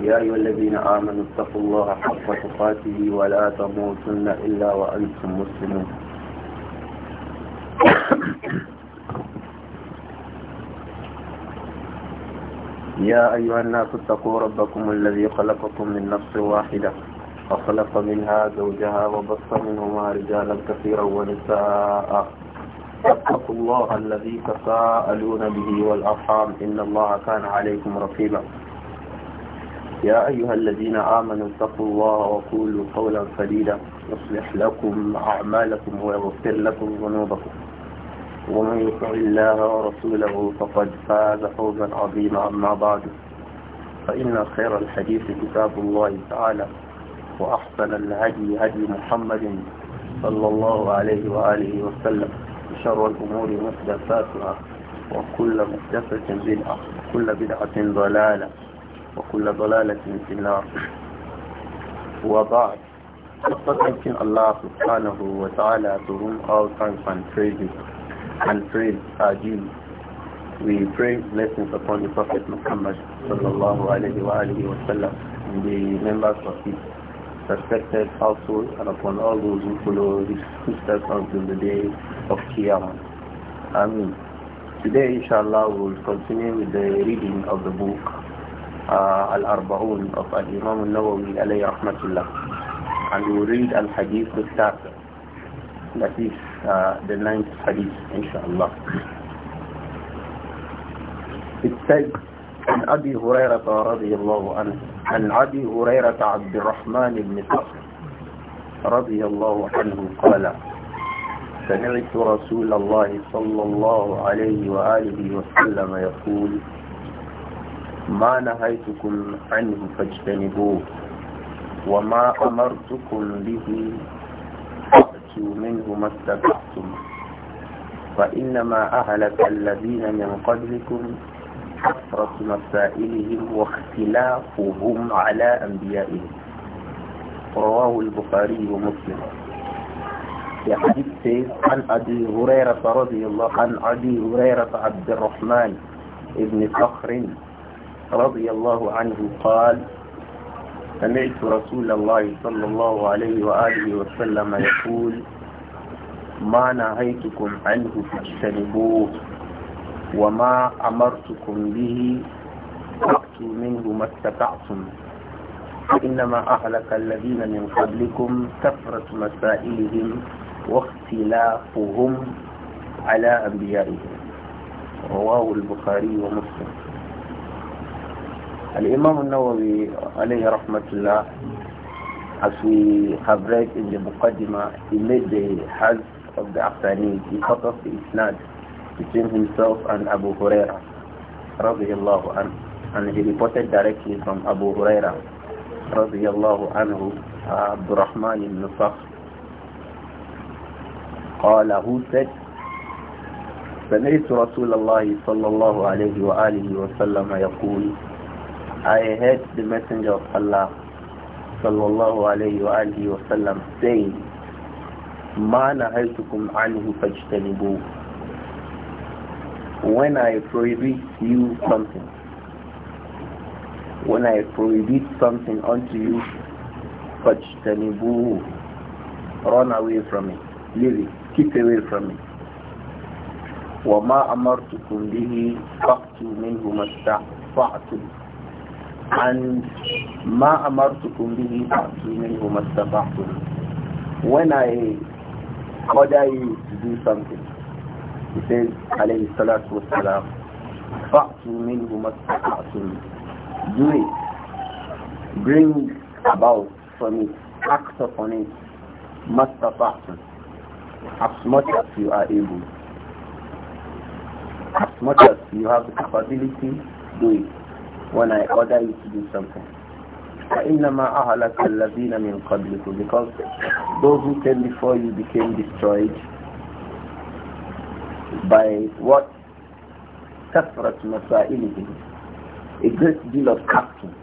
يا أيها الذين آمنوا اتقوا الله حق تقاته ولا تموتن إلا وأنتم مسلمون يا أيها الناس اتقوا ربكم الذي خلقكم من نفس واحدة وخلق منها زوجها وبص منهما رجالا كثيرا ونساء اتقوا الله الذي تساءلون به والأرحام إن الله كان عليكم رقيبا يا أيها الذين آمنوا اتقوا الله وقولوا قولا سديدا يصلح لكم أعمالكم ويغفر لكم ذنوبكم ومن يطع الله ورسوله فقد فاز فوزا عظيما أما بعد فإن خير الحديث كتاب الله تعالى وأحسن الهدي هدي محمد صلى الله عليه وآله وسلم شر الأمور محدثاتها وكل محدثة بدعة وكل بدعة ضلالة وكل ضلالة في النار وبعد After الله Allah subhanahu wa ta'ala to whom all thanks and praises and praise are due, we pray blessings upon the Prophet Muhammad صلى alayhi wa وآله wa and the members of his respected household and upon all those who follow his footsteps until the day of Qiyamah. Ameen. Today inshallah we will continue with the reading of the book آه، الأربعون أو الإمام النووي عليه رحمة الله عن يريد الحديث بالتاسع التي آه، the ninth حديث إن شاء الله It says عن أبي هريرة رضي الله عنه عن أبي هريرة عبد الرحمن بن صخر رضي الله عنه قال سمعت رسول الله صلى الله عليه وآله وسلم يقول ما نهيتكم عنه فاجتنبوه وما أمرتكم به فأتوا منه ما استطعتم فإنما أهلك الذين من قبلكم كثرة مسائلهم واختلافهم على أنبيائهم رواه البخاري ومسلم في حديث سيد عن أبي هريرة رضي الله عن أبي هريرة عبد الرحمن ابن صخر رضي الله عنه قال سمعت رسول الله صلى الله عليه وآله وسلم يقول ما نهيتكم عنه فاجتنبوه وما أمرتكم به فأتوا منه ما استطعتم فإنما أهلك الذين من قبلكم كثرة مسائلهم واختلافهم على أنبيائهم رواه البخاري ومسلم الإمام النووي عليه رحمة الله في خبرك إن مقدمة إمد حز of the في خطف إسناد between himself and أبو هريرة رضي الله عنه and he reported directly from أبو هريرة رضي الله عنه عبد الرحمن بن صخر قال هو said سمعت رسول الله صلى الله عليه وآله وسلم يقول I heard the Messenger of Allah sallallahu alayhi wa alihi wa sallam saying, مَا نَهَيْتُكُمْ When I prohibit you something, when I prohibit something unto you, فَاجْتَنِبُوهُ Run away from me, leave it, keep away from it. وما أمرتكم به فأتوا منه ما استطعتم and ma amartukum bihi fa'tu minhu mastata'tum. When I order you to do something, he says, alayhi salatu wassalam, fa'tu minhu mastata'tum. Do it. Bring about from it. Act upon it. Mastata'tum. As much as you are able. As much as you have the capability, do it when I order you to do something. Because those who came before you became destroyed by what? كَثْرَةُ مَسَائِلِهِمْ A great deal of captain.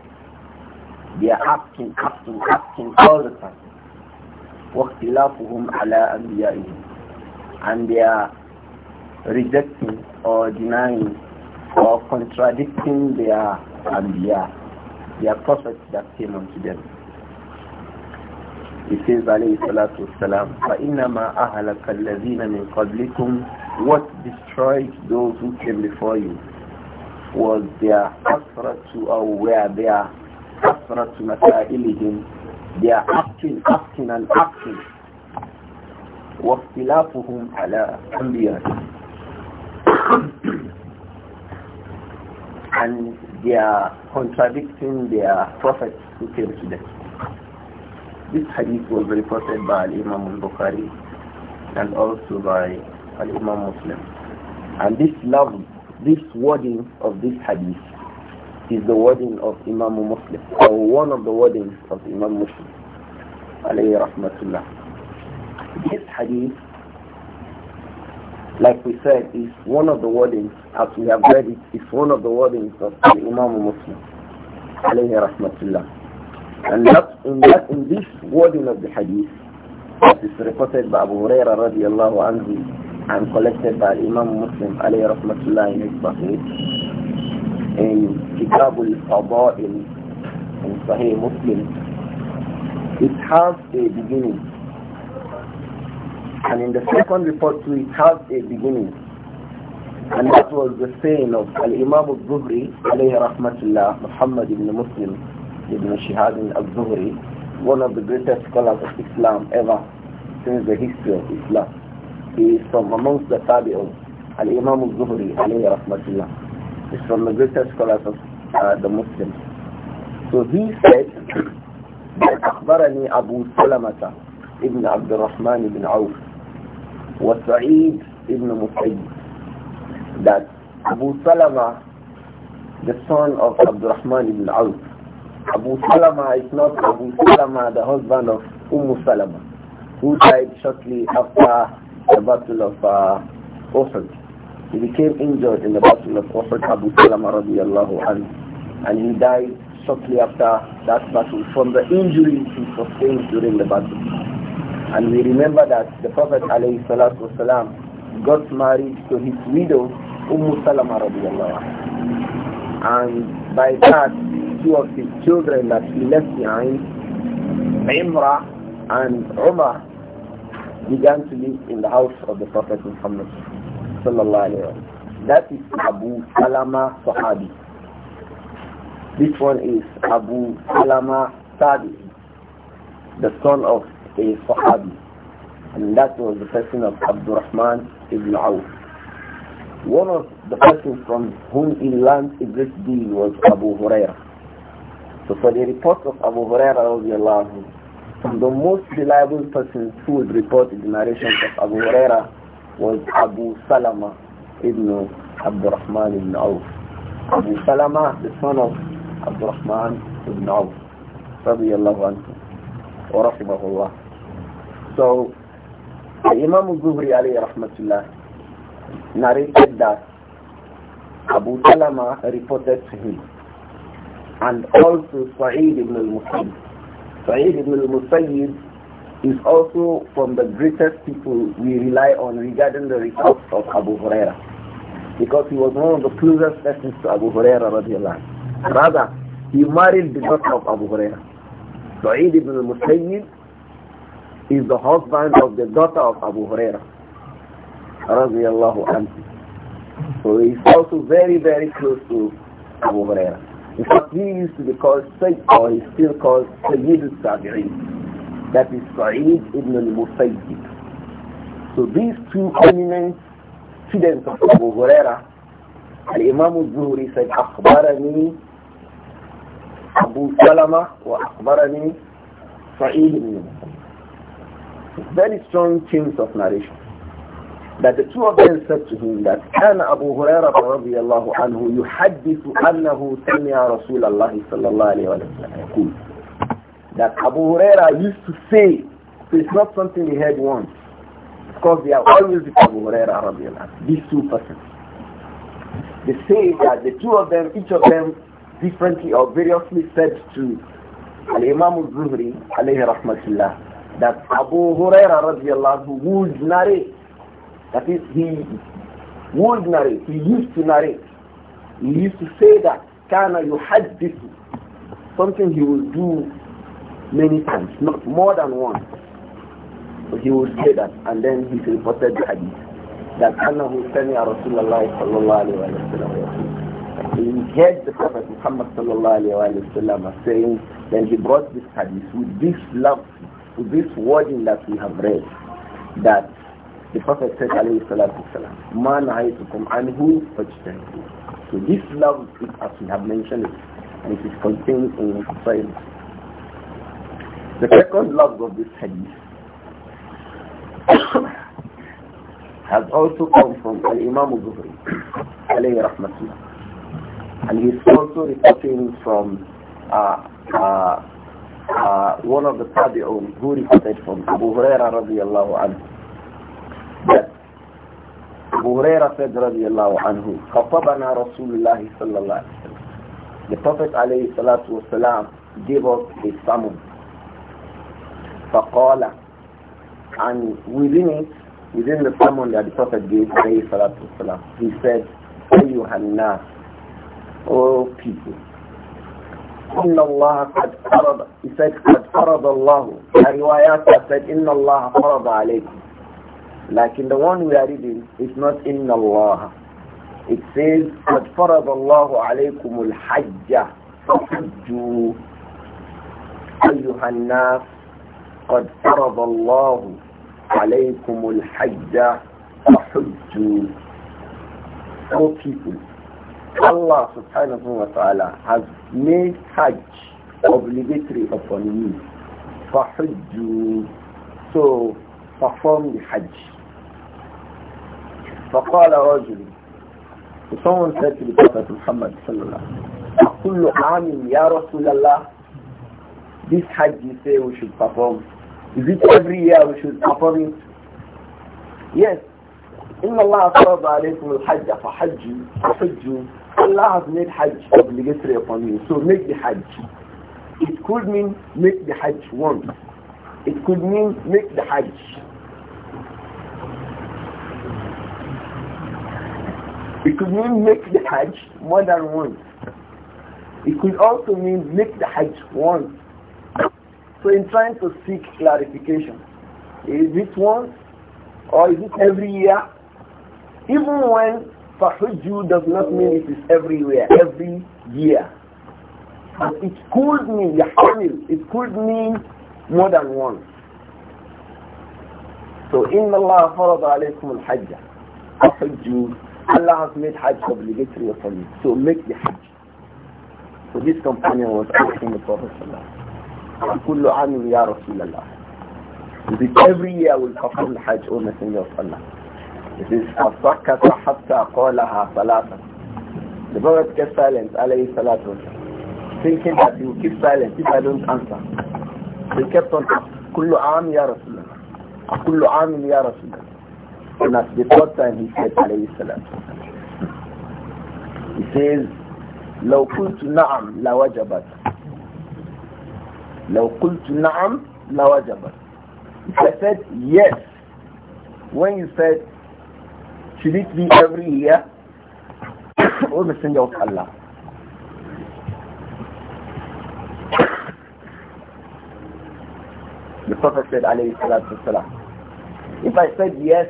They are asking, captain, captain all the time. وَاخْتِلَافُهُمْ عَلَىٰ أَنْبِيَائِهِمْ And they are rejecting or denying or contradicting their Anbiya, their prophets that came unto them. He says, alayhi salatu wasalam, فَإِنَّمَا أَهْلَكَ الَّذِينَ مِنْ قَبْلِكُمْ What destroyed those who came before you was their asratu or where their asratu masailihim, their acting, acting and acting. واختلافهم على أنبيائهم and they are contradicting their prophet who came to them. This hadith was reported by Imam al-Bukhari and also by al Imam Muslim. And this love, this wording of this hadith is the wording of Imam Muslim, or one of the wordings of Imam Muslim, This hadith like we said, is one of the wordings, as we have read it's one of the wordings of the Imam Muslim, alayhi rahmatullah. And that, in, that, in this wording of the hadith, that is reported by Abu Huraira radiallahu anhu and collected by Imam Muslim alayhi rahmatullah in his Sahih, in Kitab al-Fada'il, in Sahih Muslim, it has a beginning and in the second report too, it has a beginning. And that was the saying of Al-Imam al-Zuhri, alayhi rahmatullah, Muhammad ibn Muslim ibn Shihab al-Zuhri, one of the greatest scholars of Islam ever since the history of Islam. He is from amongst the Tabi'un, Al-Imam al-Zuhri, alayhi rahmatullah. is from the greatest scholars of uh, the Muslims. So he said, أخبرني أبو سلمة ابن عبد الرحمن بن عوف was Sa'id ibn Musayyib that Abu Salama, the son of Rahman ibn Auf, Abu Salama is not Abu Salama, the husband of Umm Salama, who died shortly after the Battle of uh, Uhud. He became injured in the Battle of Uhud, Abu Salama radiallahu anhu, and he died shortly after that battle from the injuries he sustained during the battle. And we remember that the Prophet والسلام, got married to his widow, Umm Salama And by that, two of his children that he left behind, Imra and Umar, began to live in the house of the Prophet Muhammad That is Abu Salama Sahabi. This one is Abu Salama Sadi, the son of a Sahabi. And that was the person of Rahman ibn Awf. One of the persons from whom he learned a great deal was Abu Huraira. So for the report of Abu Huraira, the most reliable person who would report the narration of Abu Huraira was Abu Salama ibn Rahman ibn Awf. Abu Salama, the son of Rahman ibn Awf, radiallahu anhu, wa rahimahullah. So Imam Zuhri alayhi rahmatullah narrated that Abu Salama reported to him and also Sa'id ibn al-Musayyib. Sa'id ibn al-Musayyib is also from the greatest people we rely on regarding the reports of Abu Huraira because he was one of the closest persons to Abu Huraira radiallahu Rather, he married the daughter of Abu Huraira. Sa'id ibn al-Musayyib is the husband of the daughter of Abu Huraira. So he's also very, very close to Abu Huraira. In fact, he used to be called Sayyid, or he's still called Sayyid al-Sabi'in. is Sayyid ibn al-Musayyib. So these two eminent students of Abu Huraira, Al-Imam al-Zuhri said, أخبرني أبو سلمة وأخبرني سعيد بن المسيب very strong chains of narration. That the two of them said to him that كان أبو هريرة رضي الله عنه يحدث أنه سمع رسول الله صلى الله عليه وسلم يقول that Abu Huraira used to say so it's not something he heard once because they are always with Abu Huraira radiallahu these two persons they say that the two of them each of them differently or variously said to Al-Imam al-Zuhri عليه alayhi الله that Abu Huraira radiallahu would narrate. That is, he would narrate. He used to narrate. He used to say that kana this Something he would do many times, not more than once. So he would say that, and then he reported the hadith that annahu sami'a Rasulullah sallallahu alaihi wasallam. He heard the Prophet Muhammad sallallahu alaihi wasallam saying, then he brought this hadith with this love this wording that we have read, that the Prophet said, alayhi salatu salam, man who anhu fajtahidu. So this love is as we have mentioned it, and it is contained in Sahih. The second love of this hadith has also come from Al-Imam Zuhri, alayhi rahmatullah. And he's also reporting from uh, uh, uh, one of the tabi'un who reported from Abu Huraira radiallahu anhu that Abu Huraira said radiallahu anhu خطبنا رسول الله صلى الله عليه وسلم The Prophet alayhi salatu gave us a sermon فقال and within it within the sermon that the Prophet gave alayhi salatu wasalam he said أيها الناس O people إن الله قد فرض he said قد فرض الله الروايات riwayat said إن الله فرض عليكم لكن the one we are reading is not إن الله it says قد فرض الله عليكم الحج فحجوا أيها الناس قد فرض الله عليكم الحج فحجوا all people Allah subhanahu wa ta'ala has made Hajj obligatory upon you. فَحُجُّ So, perform the Hajj. فَقَالَ رَجُلٍ someone said to the Prophet Muhammad sallallahu alaihi wasallam, "Kullu amin ya Rasulullah." This Hajj you say we should perform. Is it every year we should perform it? Yes. إن الله فرض عليكم الحج فحجوا فحجوا Allah has made Hajj obligatory upon you, so make the Hajj. It could mean make the Hajj once. It could mean make the Hajj. It could mean make the Hajj more than once. It could also mean make the Hajj once. So in trying to seek clarification, is it once or is it every year? Even when Fahujju does not mean it is everywhere, every year. And it could mean Yahamil, it could mean more than once. So in Allah farada alaykum al-hajj. Hajju. Allah has made Hajj obligatory upon you. So make the Hajj. So this companion was asking the Prophet كل عام يا رسول الله. Is it every year will perform the Hajj, O Messenger of Allah? It is Asakata Hatta Qalaha Salata. The Prophet kept silent, alayhi salatu thinking that he will keep silent if I don't answer. He kept on, Kullu am ya Rasulullah. Kullu am ya Rasulullah. And at the third time he said, alayhi salatu He says, لو قلت نعم لوجبت لو قلت نعم لوجبت I said yes when you said should it be every year? Oh, Messenger of Allah. The Prophet said, alayhi if I said yes,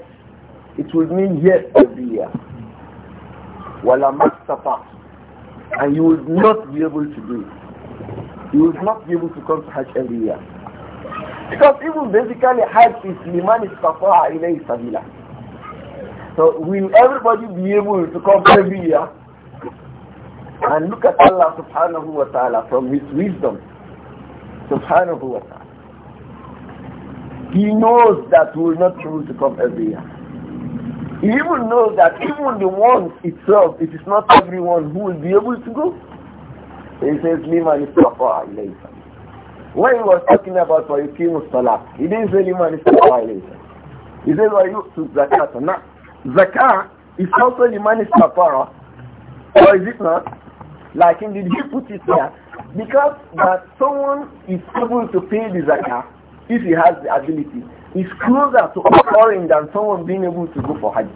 it would mean yes every year. Wala mastata. And you would not be able to do it. You would not be able to come to Hajj every year. Because even basically Hajj is liman istafa'a ilayhi sabila. So will everybody be able to come every year and look at Allah subhanahu wa ta'ala from his wisdom? Subhanahu wa ta'ala. He knows that we will not be able to come every year. He even knows that even the one itself, it is not everyone who will be able to go. He says, Liman istafa ilaysa. When he was talking about to Salah, he didn't say Liman istafa ilaysa. He says, Wa'yu'tu zakata not." Zakah is also the man is kapara. Or is it not? Like him, did he put it there? Because that someone is able to pay the zakah if he has the ability is closer to occurring than someone being able to go for Hajj.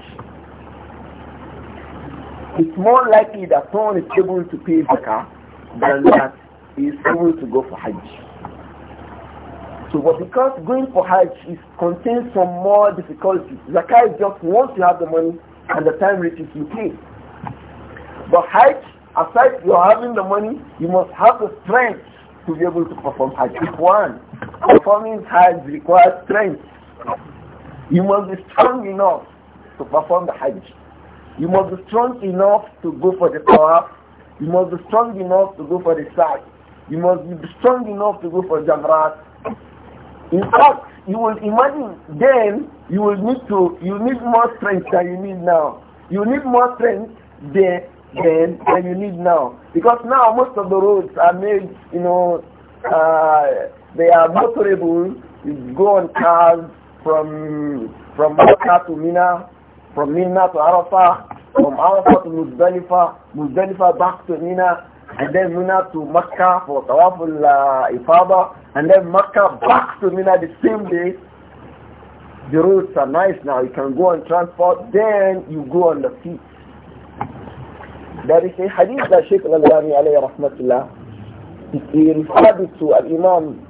It's more likely that someone is able to pay zakah than that he is able to go for Hajj. So, but because going for Hajj is, contains some more difficulties, Zakai just wants to have the money and the time reaches, you pay. But Hajj, aside you're having the money, you must have the strength to be able to perform Hajj. If one, performing Hajj requires strength. You must be strong enough to perform the Hajj. You must be strong enough to go for the Tawaf. You must be strong enough to go for the Sa'i. You must be strong enough to go for Jamrat. In fact, you will imagine then you will need to you need more strength than you need now. You need more strength then then than you need now because now most of the roads are made you know uh, they are motorable. You go on cars from from Makkah to Mina, from Mina to Arafah, from Arafah to Muzdalifah, Muzdalifah back to Mina, and then Mina to Mecca for Tawaful uh, Ifaba, and then Mecca back to Mina the same day. The roads are nice now, you can go on transport, then you go on the feet. There is a hadith that Sheikh Al-Albani alayhi rahmatullah, he referred to Al-Imam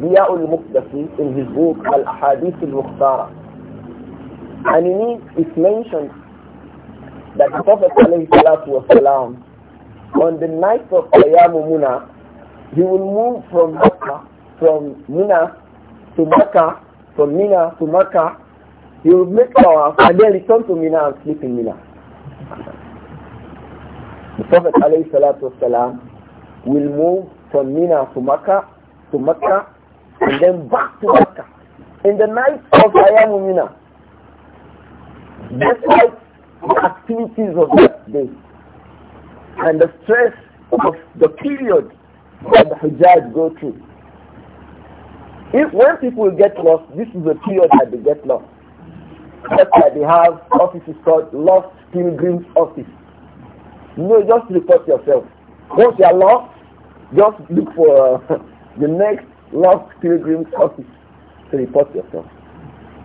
Diya al-Muqdasi in his book Al-Hadith al-Mukhtara. And in it, it's mentioned that the Prophet alayhi salatu wasalam on the night of Ayamu Muna, he will move from Mecca, from Mina to Mecca, from Mina to Mecca. He will make tawaf and then return to Mina and sleep in Mina. The Prophet والسلام, will move from Mina to Mecca, to Mecca, and then back to Mecca in the night of Ayamu that's Despite the activities of that day and the stress of the period that the Hajjaj go through. If when people get lost, this is the period that they get lost. That's why they have offices called Lost Pilgrims Office. You know, just report yourself. Once you are lost, just look for uh, the next Lost Pilgrims Office to report yourself.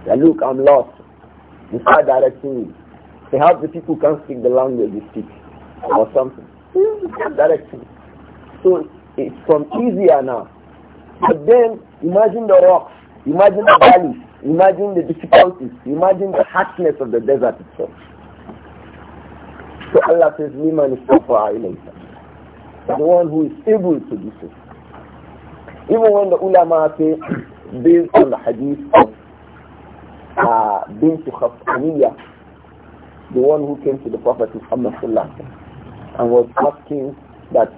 Yeah, look, I'm lost. You start directing me. Perhaps the people can't speak the language you speak or something. Directly. So it's from easier now. But then imagine the rocks, imagine the valleys, imagine the difficulties, imagine the harshness of the desert itself. So Allah says, Liman is the one who is able to do so. Even when the ulama say, based on the hadith of uh, Bint Khafaniya, the one who came to the Prophet Muhammad sallallahu and was asking that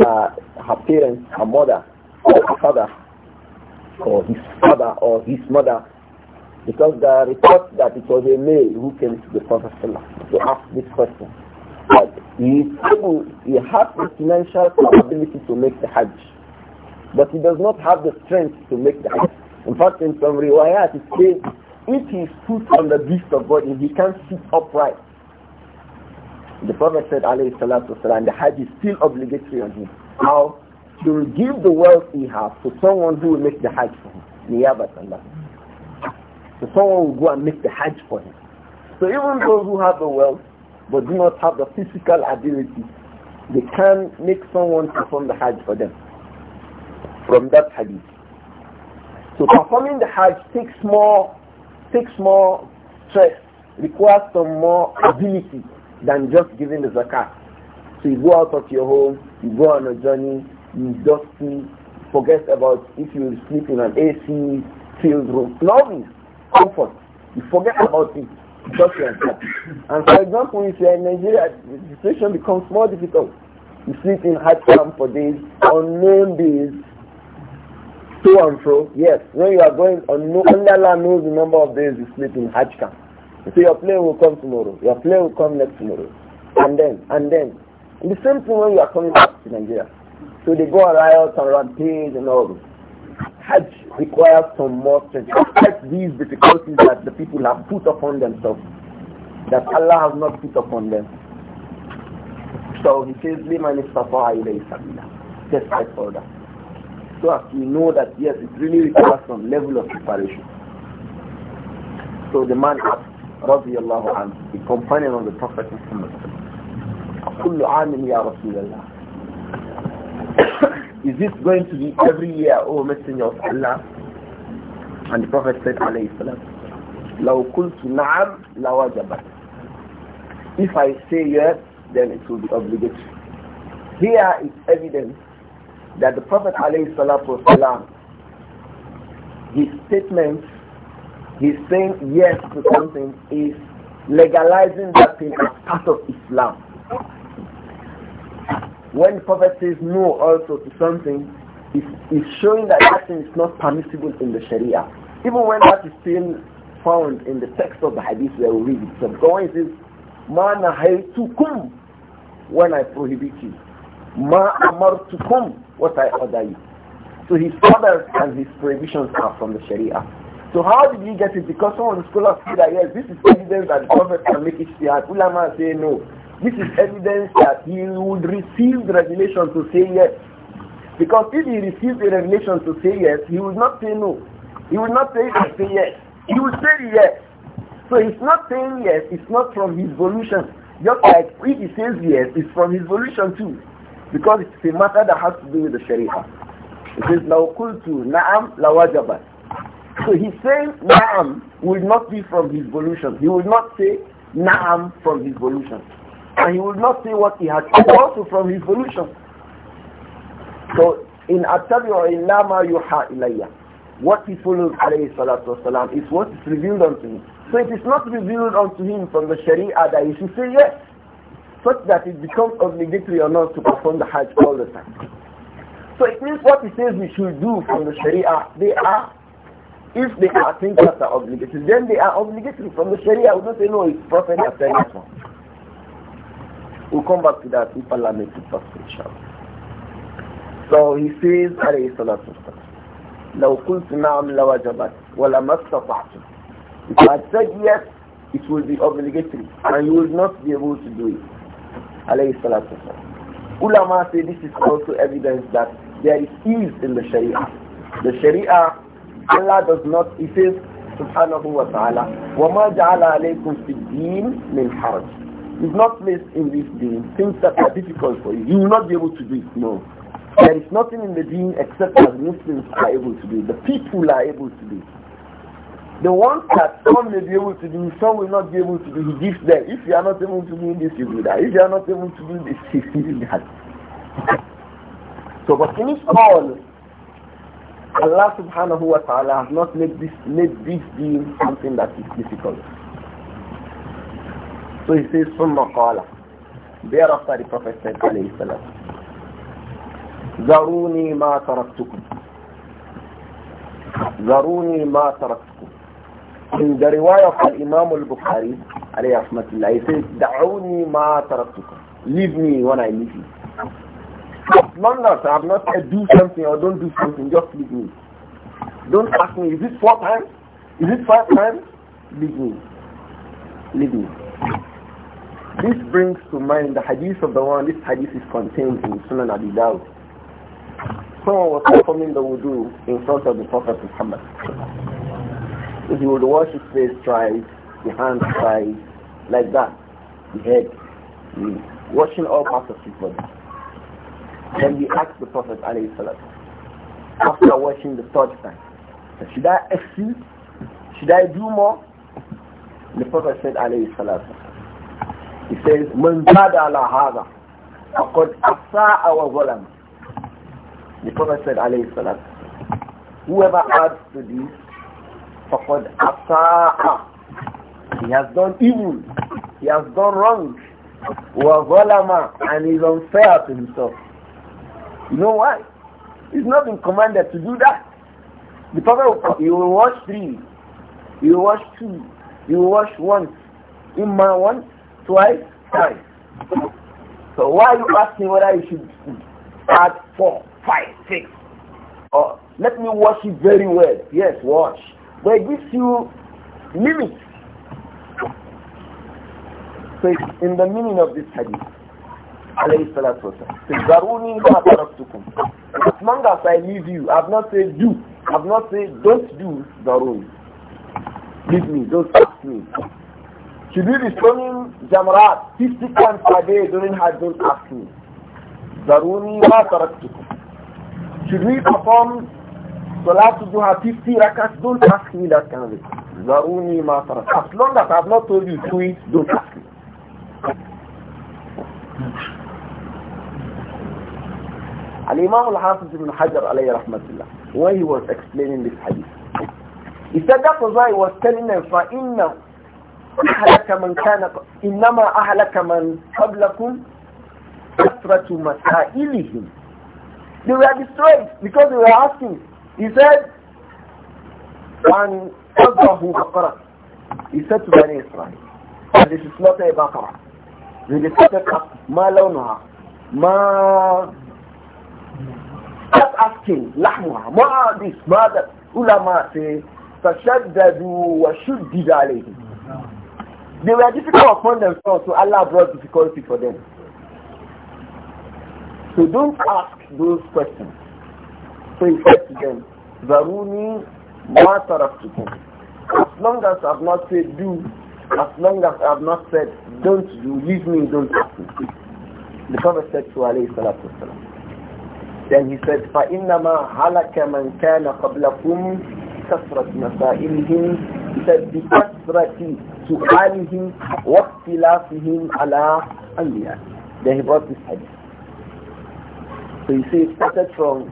uh, her parents, her mother, or her father, or his father, or his mother, because the report that it was a male who came to the Prophet to ask this question. But he is able, he has the financial capability to make the Hajj, but he does not have the strength to make the Hajj. In fact, in some riwayat, it says, if he is put on the beast of burden, he can't sit upright. The Prophet said, alayhi salatu the Hajj is still obligatory on him. How? He will give the wealth he has to someone who will make the Hajj for him. Niyabat So someone will go and make the Hajj for him. So even those who have the wealth but do not have the physical ability, they can make someone perform the Hajj for them. From that hadith. So performing the Hajj takes more, takes more stress, requires some more ability than just giving the zakat. So you go out of your home, you go on a journey, you just forget about if you sleep in an AC field room. Nothing. Comfort. You forget about it. Just like And for example, if you're in Nigeria, the situation becomes more difficult. You sleep in hot camp for days, unknown days, to and fro. Yes, when you are going, on no, Allah knows the number of days you sleep in hot camp. So your plane will come tomorrow. Your plane will come next tomorrow. And then, and then. And the same thing when you are coming back to Nigeria. So they go on riots and rampage and all this. Hajj requires some more strength. Despite these difficulties that the people have put upon themselves, that Allah has not put upon them. So he says, لِمَنِ اسْتَطَاعَ إِلَيْهِ سَبِيلًا Despite all that. So as we know that yes, it really requires some level of preparation. So the man has radiallahu anhu, the companion of the Prophet Muhammad. كل عام يا رسول Is this going to be every year, O Messenger of Allah? And the Prophet said, عليه السلام, لو قلت نعم لوجبت. If I say yes, then it will be obligatory. Here is evidence that the Prophet ﷺ, his statements he's saying yes to something is legalizing that thing as part of Islam. When the Prophet says no also to something, it's, it's showing that that thing is not permissible in the Sharia. Even when that is still found in the text of the Hadith where we read it. So going is ma nahaytukum when I prohibit you. Ma amartukum what I order you. So his orders and his prohibitions are from the Sharia. So how did he get it? Because some of the scholars say that yes, this is evidence that the Prophet can make ijtihad. Ulama say no. This is evidence that he would receive the revelation to say yes. Because if he receives the revelation to say yes, he would not say no. He would not say yes, say yes. He would say yes. So he's not saying yes, it's not from his volition. Just like if he says yes, it's from his volition too. Because it's a matter that has to do with the Sharia. It says, لو قلت نعم لوجبت so he's saying Naam will not be from his volition. He will not say Naam from his volition. And he will not say what he had also from his volition. So in Atabi'u Illama Yuha Ilayya, what he follows alayhi salatu wasalam is what is revealed unto him. So it is not revealed unto him from the Sharia that he should say yes, such that it becomes obligatory or not to perform the Hajj all the time. So it means what he says we should do from the Sharia, they are if they are things that are obligatory, then they are obligatory from the Sharia. I would not say, no, it's Prophet has one. We'll come back to that if Allah makes it possible, inshallah. So he says, عليه الصلاة والسلام, لو قلت نعم لوجبت ولما استطعتم. If I said yes, it will be obligatory and you will not be able to do it. عليه الصلاة والسلام. Ulama say this is also evidence that there is ease in the Sharia. The Sharia Allah does not, He says, subhanahu wa ta'ala, وَمَا جَعَلَ عَلَيْكُمْ فِي الدِّينِ مِنْ حَرَجٍ He's not placed in this deen, things that are difficult for you. You will not be able to do it, no. There is nothing in the deen except that Muslims are able to do The people are able to do The ones that some may be able to do, some will not be able to do, he gives them. If you are not able to do this, you do that. If you are not able to do this, you do that. So, but finish all, Allah subhanahu wa ta'ala has not made this made this being something that is difficult. So he says, Summa qala. Thereafter the Prophet said, alayhi salam, Zaruni ma taraktukum. Zaruni ma taraktukum. In the riwayah of Imam al-Bukhari, alayhi rahmatullah, he says, Da'uni ma taraktukum. Leave me when I leave you. As long as I have not said do something or don't do something, just leave me. Don't ask me, is it four times? Is it five times? Leave me. Leave me. This brings to mind the hadith of the one, this hadith is contained in Sunan Abi Dawud. Someone was performing the wudu in front of the Prophet Muhammad. He would wash his face thrice, the hands thrice, like that, the head, mm. washing all parts of his body. Then he asked the Prophet ﷺ, after washing the third time, should I exceed? Should I do more? The Prophet said ﷺ, he says, من ala على هذا asaa wa وظلم The Prophet said ﷺ, whoever adds to this, فقد asaa, he has done evil. He has done wrong. وظلم and is unfair to himself. You know why? He's not been commanded to do that. The Prophet, you will wash three, you will wash two, you will wash one, In my one, twice, thrice. So why are you asking whether you should add four, five, six? Or let me wash it very well. Yes, wash. But it gives you limits. So it's in the meaning of this hadith alayhi salatu wasalam. Zaruni ma As long as I leave you, I've not said do. I've not said don't do Zaruni. Leave me, don't ask me. Should be restoring Jamrat 50 times a day during Hajj, don't ask me. Zaruni ma taraktukum. Should we perform Salatul Duha 50 rakats, don't ask me that kind of thing. Zaruni ma taraktukum. As long as I've not told you to do it, don't ask me. Al-Imam al-Hafiz ibn Hajar alayhi rahmatullah, when he was explaining this hadith, he said that was why he was telling them, Inna فَإِنَّ أَهْلَكَ مَنْ كَانَ إِنَّمَا أَهْلَكَ مَنْ قَبْلَكُمْ كَثْرَةُ مَسَائِلِهِمْ They were destroyed because they were asking. He said, and أَضْرَهُ بَقَرَةً He said to Bani Israel, and this is not a Baqarah. They decided, مَا لَوْنُهَا ma." Stop asking, lahmuha, ma this, ma that. Ulama say, fashaddadu wa shuddid alayhi. They were difficult upon themselves, so Allah brought difficulty for them. So don't ask those questions. So he said to them, Zaruni ma taraktukum. As long as I've not said do, as long as I've not said don't do, leave me, don't ask me. The Prophet said to alayhi salaam wasalam. Then he said, فَإِنَّمَا هَلَكَ مَنْ كَانَ قَبْلَكُمْ كَثْرَةِ مَسَائِلِهِمْ He said, بِكَثْرَةِ سُؤَالِهِمْ وَاخْتِلَافِهِمْ عَلَىٰ أَنْبِيَاءِ Then he brought this hadith. So you see, it started from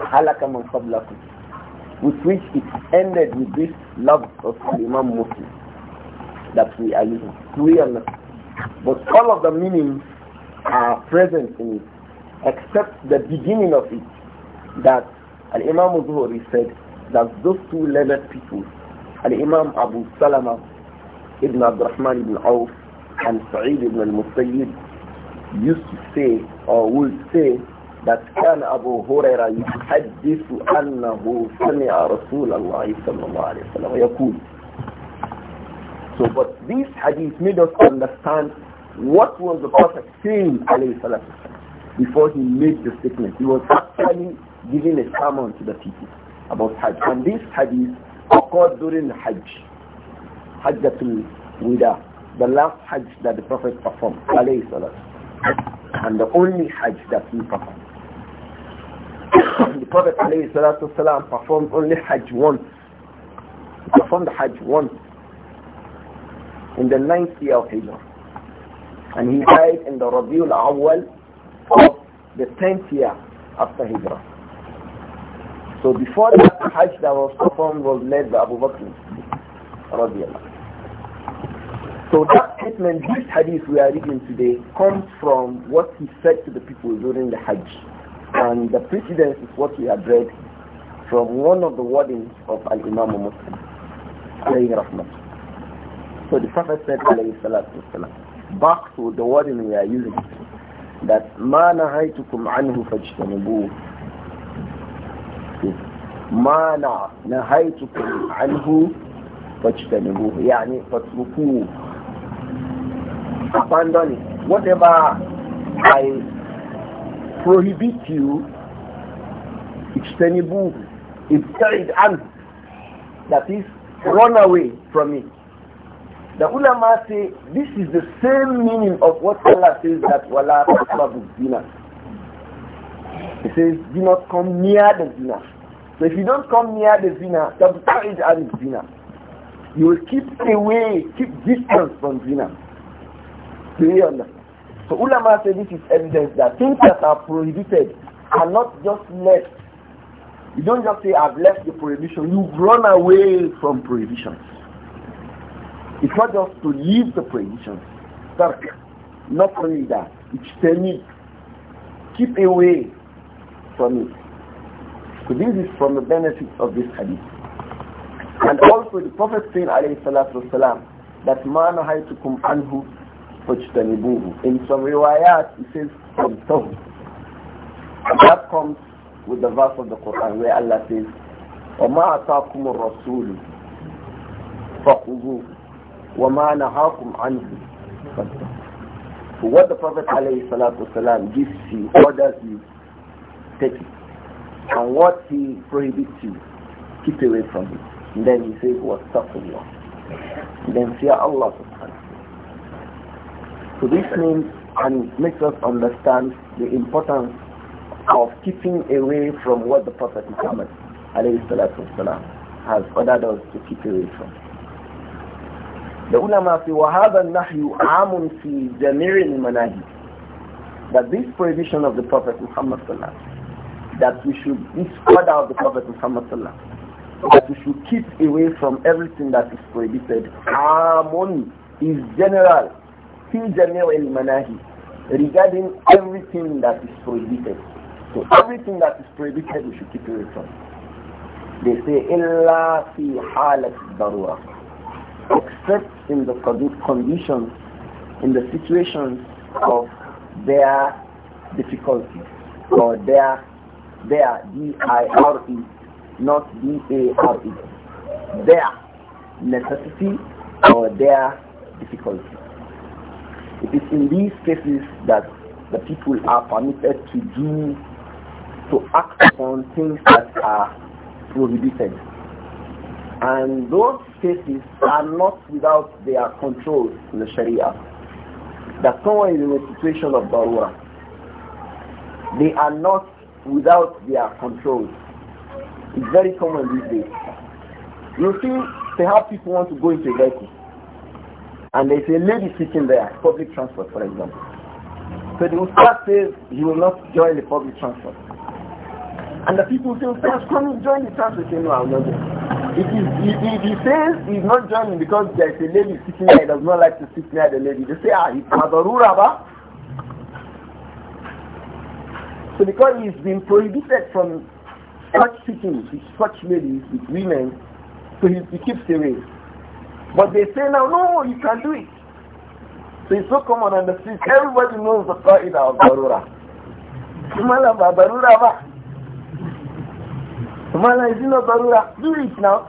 هَلَكَ مَنْ قَبْلَكُمْ with which it ended with this love of Imam Muslim that we are using. We are not. But all of the meanings are present in it except the beginning of it that Al-Imam Zuhri said that those two learned people, Al-Imam Abu Salama ibn Rahman ibn Auf and Sa'id ibn al-Musayyib used to say or would say that كان أبو هريرة يحدث أنه سمع رسول الله صلى الله عليه وسلم يقول So but this hadith made us understand what was the Prophet saying عليه الصلاة والسلام before he made the statement. He was actually giving a sermon to the people about Hajj. And this hadith occurred during the Hajj, Hajjatul Wida, the last Hajj that the Prophet performed, alayhi salam, and the only Hajj that he performed. the Prophet alayhi salatu performed only Hajj once. He performed the Hajj once in the ninth year of Hijrah. And he died in the Rabiul Awwal of the 10th year after Hijrah. So before that Hajj that was performed was led by Abu Bakr. So that statement, this hadith we are reading today, comes from what he said to the people during the Hajj. And the precedence is what we have read from one of the wordings of Al-Imam Muslim. So the Prophet said, back to the wording we are using that ma nahaitukum anhu fajtanibuhu ma na nahaitukum anhu fajtanibuhu yani fatrukuhu abandon it whatever I prohibit you fajtanibuhu carried anhu that is run away from me. The ulama say this is the same meaning of what Allah says that wala taqrabu zina. He says do not come near the zina. So if you don't come near the zina, tabta'id an zina. You will keep away, keep distance from zina. Do you understand? So ulama say this is evidence that things that are prohibited are not just left. You don't just say I've left the prohibition. You've run away from prohibitions. It's not just to leave the position, Tark. Not only that. It's tenid. Keep away from it. So this is from the benefits of this hadith. And also the Prophet said alayhi salatu wasalam that man haytukum anhu fajtanibuhu. In some riwayat it says fajtahu. That comes with the verse of the Quran where Allah says وَمَا أَتَاكُمُ الرَّسُولُ فَخُذُوهُ وَمَا نَهَاكُمْ عَنْهُ what the Prophet ﷺ gives you, orders you, take it. And what he prohibits you, keep away from it. And then he says, وَاتَّقُوا And Then fear Allah subhanahu So this means and makes us understand the importance of keeping away from what the Prophet Muhammad والسلام, has ordered us to keep away from. The ulama say, وَهَذَا النَّحْيُ عَامٌ فِي جَمِعِ manahi. That this prohibition of the Prophet Muhammad sallallahu that we should, discard order of the Prophet Muhammad sallallahu that we should keep away from everything that is prohibited. Amun is general. fi جَمِعِ manahi Regarding everything that is prohibited. So everything that is prohibited we should keep away from. They say, إِلَّا فِي حَالَةِ الضَّرُورَةِ except in the conditions, in the situations of their difficulties, or their their D I R E, not D A R E. Their necessity or their difficulty. It is in these cases that the people are permitted to do to act upon things that are prohibited and those cases are not without their controls in the Sharia. That someone is in a situation of darura. They are not without their controls. It's very common these days. You see, perhaps people want to go into a vehicle and there's a lady sitting there, public transport for example. So the Ustad says he will not join the public transport. And the people say, "Come come join the church. They say, no, I will not join. It is, if he, he says he's not joining because there is a lady sitting there, he does not like to sit near the lady. They say, ah, it's Madarura, So because he's been prohibited from such with such ladies, with women, so he, he keeps away. But they say now, no, you can do it. So it's so common on the street. Everybody knows the Qaeda of Barura. Imala Mala, is not Barura? Do it now.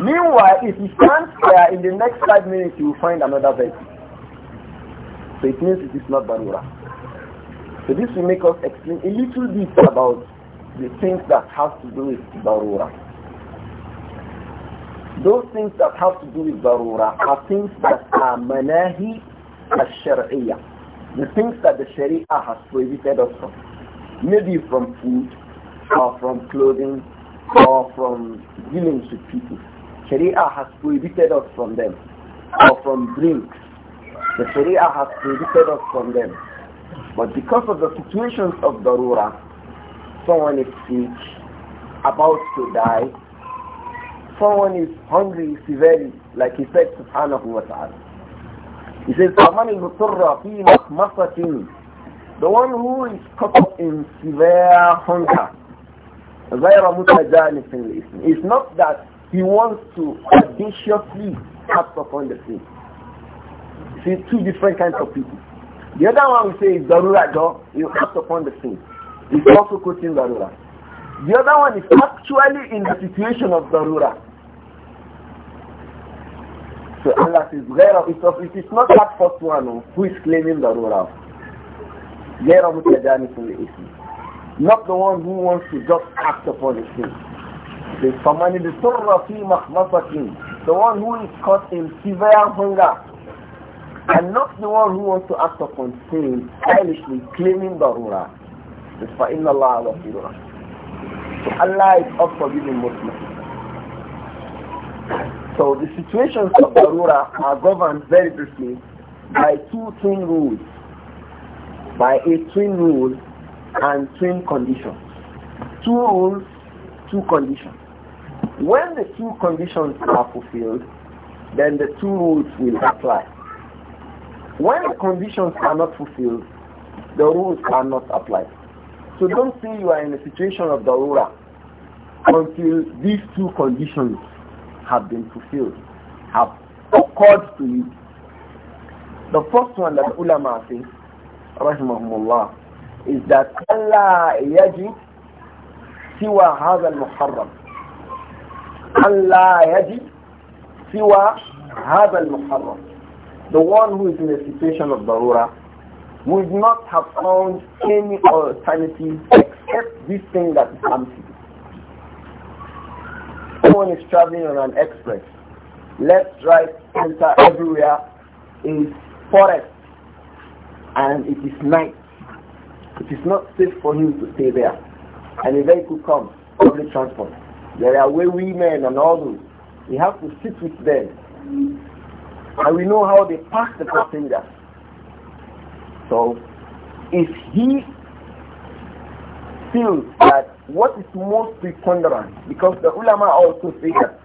Meanwhile, if you stand there in the next five minutes, you will find another verse. So it means it is not Barura. So this will make us explain a little bit about the things that have to do with Barura. Those things that have to do with Barura are things that are manahi al-shar'iyah. The things that the Sharia has prohibited us from. Maybe from food, or from clothing or from dealings with people. Sharia has prohibited us from them or from drinks. The Sharia has prohibited us from them. But because of the situations of Darura, someone is sick, about to die, someone is hungry severely, like he said, subhanahu wa ta'ala. He says, فَمَنِ الْمُطُرَّ فِي مَخْمَصَةٍ The one who is caught up in severe hunger, it's not that he wants to audaciously act upon the sin. See, two different kinds of people. The other one we say is Darura Dor, you act upon the sin. It's also quoting Darura. The other one is actually in the situation of Darura. So Allah says, it is not that first one oh, who is claiming Darura. غير متجانس للإثم not the one who wants to just act upon his thing. The of him فِي مَخْمَصَةٍ The one who is caught in severe hunger and not the one who wants to act upon sin stylishly claiming darura. It's فَإِنَّ اللَّهَ غَفِيرٌ So Allah is up forgiving Muslims. So the situations of darura are governed very briefly by two twin rules. By a twin rule and same condition. Two rules, two conditions. When the two conditions are fulfilled, then the two rules will apply. When the conditions are not fulfilled, the rules are not applied. So don't say you are in a situation of darura until these two conditions have been fulfilled, have occurred to you. The first one that ulama says, rahimahumullah, is that Allah yajid siwa هذا المحرم Allah yajid siwa هذا المحرم the one who is in a situation of barura would not have found any alternative except this thing that is empty. Someone is traveling on an express. Left, right, center, everywhere is forest and it is night. It is not safe for him to stay there. And if they could come, public transport. There are way women and all those. We have to sit with them. And we know how they pass the passengers. So if he feels that what is most preponderant, because the ulama also say that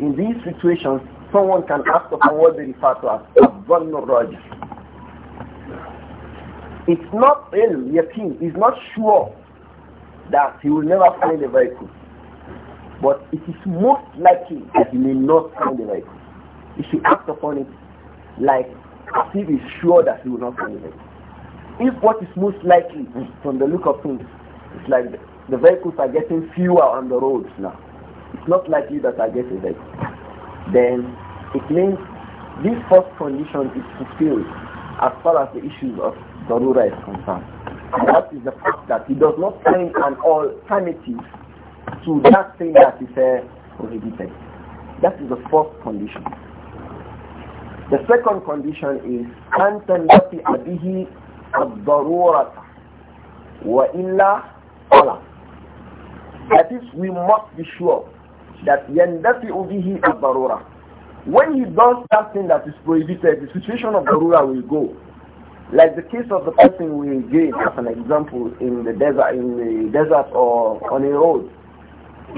in these situations, someone can ask upon what they refer to as abdul rajah it's not ilm, eh, yaqeen, is not sure that he will never find the vehicle. But it is most likely that he may not find the vehicle. If he acts upon it like as if he's sure that he will not find a vehicle. If what is most likely from the look of things is like the, the vehicles are getting fewer on the roads now. It's not likely that I get a vehicle. Then it means this first condition is fulfilled as far as the issues of Darura is concerned. And that is the fact that he does not find an alternative to that thing that is uh, prohibited. That is the first condition. The second condition is أن تنتفع به الضرورة وإلا فلا. That is, we must be sure that ينتفع به الضرورة. When he does that thing that is prohibited, the situation of ضرورة will go. Like the case of the person we gave as an example in the desert, in the desert or on a road,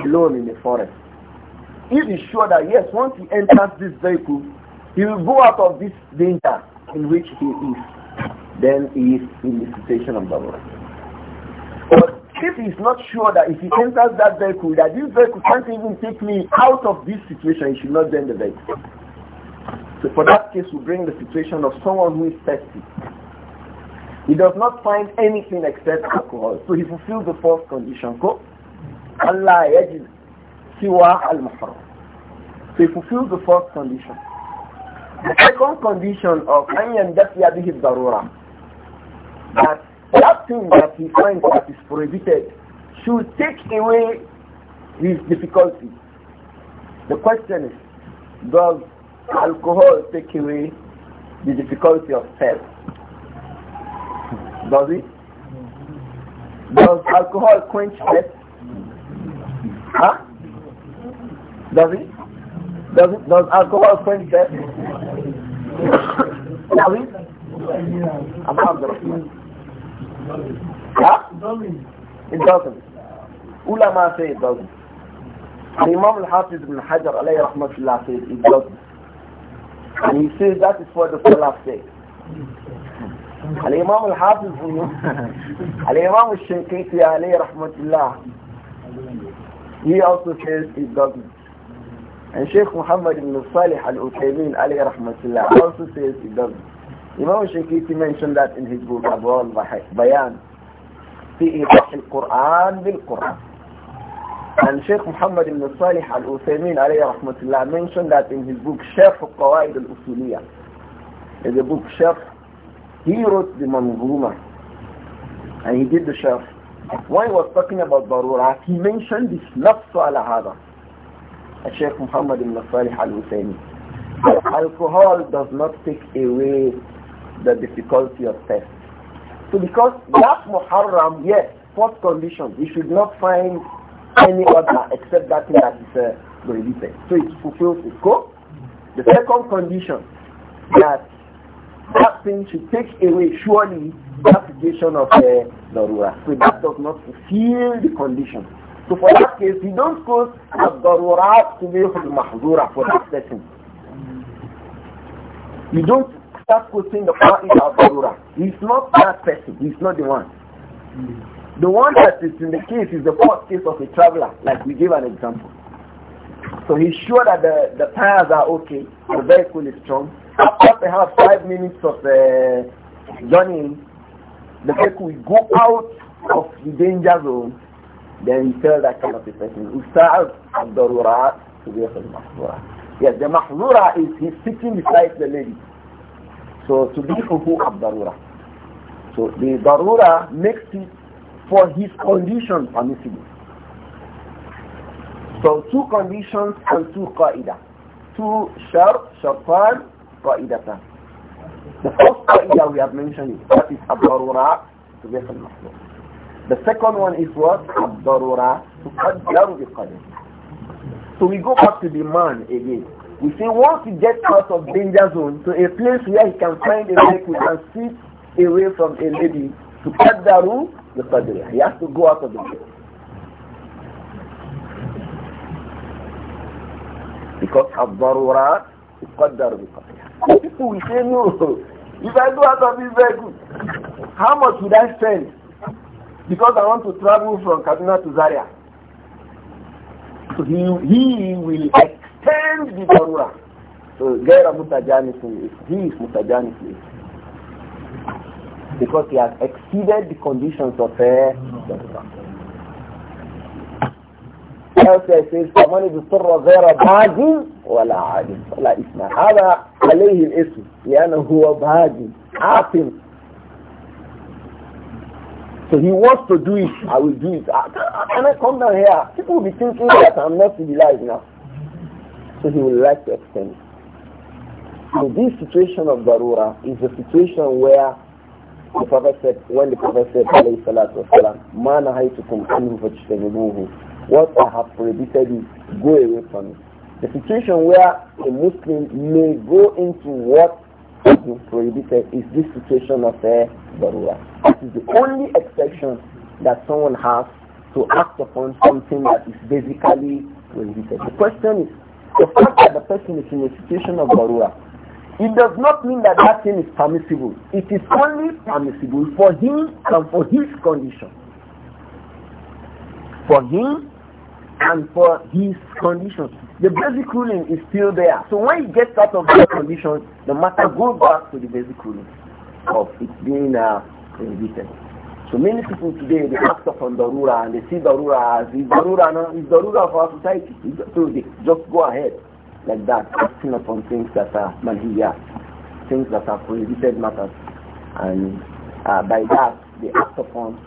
alone in the forest. He is sure that yes, once he enters this vehicle, he will go out of this danger in which he is. Then he is in the situation of the Lord. But if he is not sure that if he enters that vehicle, that this vehicle can't even take me out of this situation, he should not join the vehicle. So for that case, we bring the situation of someone who is thirsty. He does not find anything except alcohol. So he fulfills the fourth condition. Go. Allah yajid siwa al mahram. So he fulfills the fourth condition. The second condition of an yandafiya bihi darura. That that thing that he finds that is prohibited should take away his difficulty. The question is, does alcohol take away the difficulty of self? Does it? Does alcohol quench thirst? Huh? Does it? Does it? Does alcohol quench thirst? does it? I'm not Huh? It doesn't. Ulama say it doesn't. The Imam al-Hafiz ibn Hajar alayhi rahmatullah says it doesn't. And he says that is what the scholar said. Al-Imam al-Hafiz Al-Imam al-Shankiti alayhi rahmatullah he also says it doesn't. And Sheikh Muhammad ibn Salih al-Utaymin alayhi rahmatullah also says it doesn't. Imam al mentioned that in his book Abu al-Bayan في quran القرآن بالقرآن and Sheikh Muhammad ibn Salih al-Uthaymeen rahmatullah mentioned that in his book Sharh al-Qawaid al-Usuliyah. In the book Sharh, he wrote the Manzuma and he did the Sharh. When he was talking about Barurat, he mentioned this Nafsu ala hada. Sheikh Muhammad ibn Salih al-Uthaymeen. Alcohol does not take away the difficulty of test. So because that Muharram, yes, fourth condition, we should not find any other except that thing that is uh, prohibited. So it fulfills its scope. The second condition that that thing should take away surely the application of the uh, Darura. So that does not fulfill the condition. So for that case, we don't cause the darura to be Mahzura for that person. You don't start quoting the Qa'id of darura He's not that person. He's not the one. The one that is in the case is the fourth case of a traveler, like we gave an example. So he's sure that the, the tires are okay, the vehicle is strong. After have five minutes of the uh, journey, the vehicle will go out of the danger zone. Then he tell that kind of a person, Ustaz al to be the mahzura Yes, the Mahzura is he's sitting beside the lady. So to be who al So the Darura makes it for his condition permissible. So two conditions and two qaida. Two shart, shartan, qaidatan. The first qaida we have mentioned is that is abdarura to get al The second one is what? Abdarura to qaddar bi qadar. So we go back to the man again. We say once he gets out of danger zone to a place where he can find a vehicle and sit away from a lady to qaddaru the Qadriyah. He has to go out of the gate. Because الضرورات تقدر بقدرها. People will say no. If I go out of this good. how much would I spend? Because I want to travel from Kaduna to Zaria. So he, he will extend the Darura. So غير متجانس he is please because he has exceeded the conditions of her. Elsewhere says, فَمَنِ بِصُرَّ غَيْرَ بَعْدٍ وَلَا عَادٍ فَلَا إِثْمَ هذا عليه الاسم لأنه هو بَعْدٍ عاقل so he wants to do it. I will do it. Ah, can I come down here? People will be thinking that I'm not civilized now. So he would like to extend. So this situation of Barura is a situation where the Prophet said, when the Prophet said, alayhi salatu wasalam, man ahaytukum anhu fajtanibuhu. What I have prohibited is go away from me. The situation where a Muslim may go into what has been prohibited is this situation of a eh, barua. is the only exception that someone has to act upon something that is basically prohibited. The question is, the fact that the person is in a situation of barua, it does not mean that that thing is permissible. It is only permissible for him and for his condition. For him and for his condition. The basic ruling is still there. So when he gets out of that condition, the matter goes back to the basic ruling of it being uh, prohibited. So many people today they act upon Darura and they see Darura as is Darura is Darura of our society. so they just go ahead like that, acting upon things that are manhiya, things that are prohibited matters. And uh, by that, they act upon,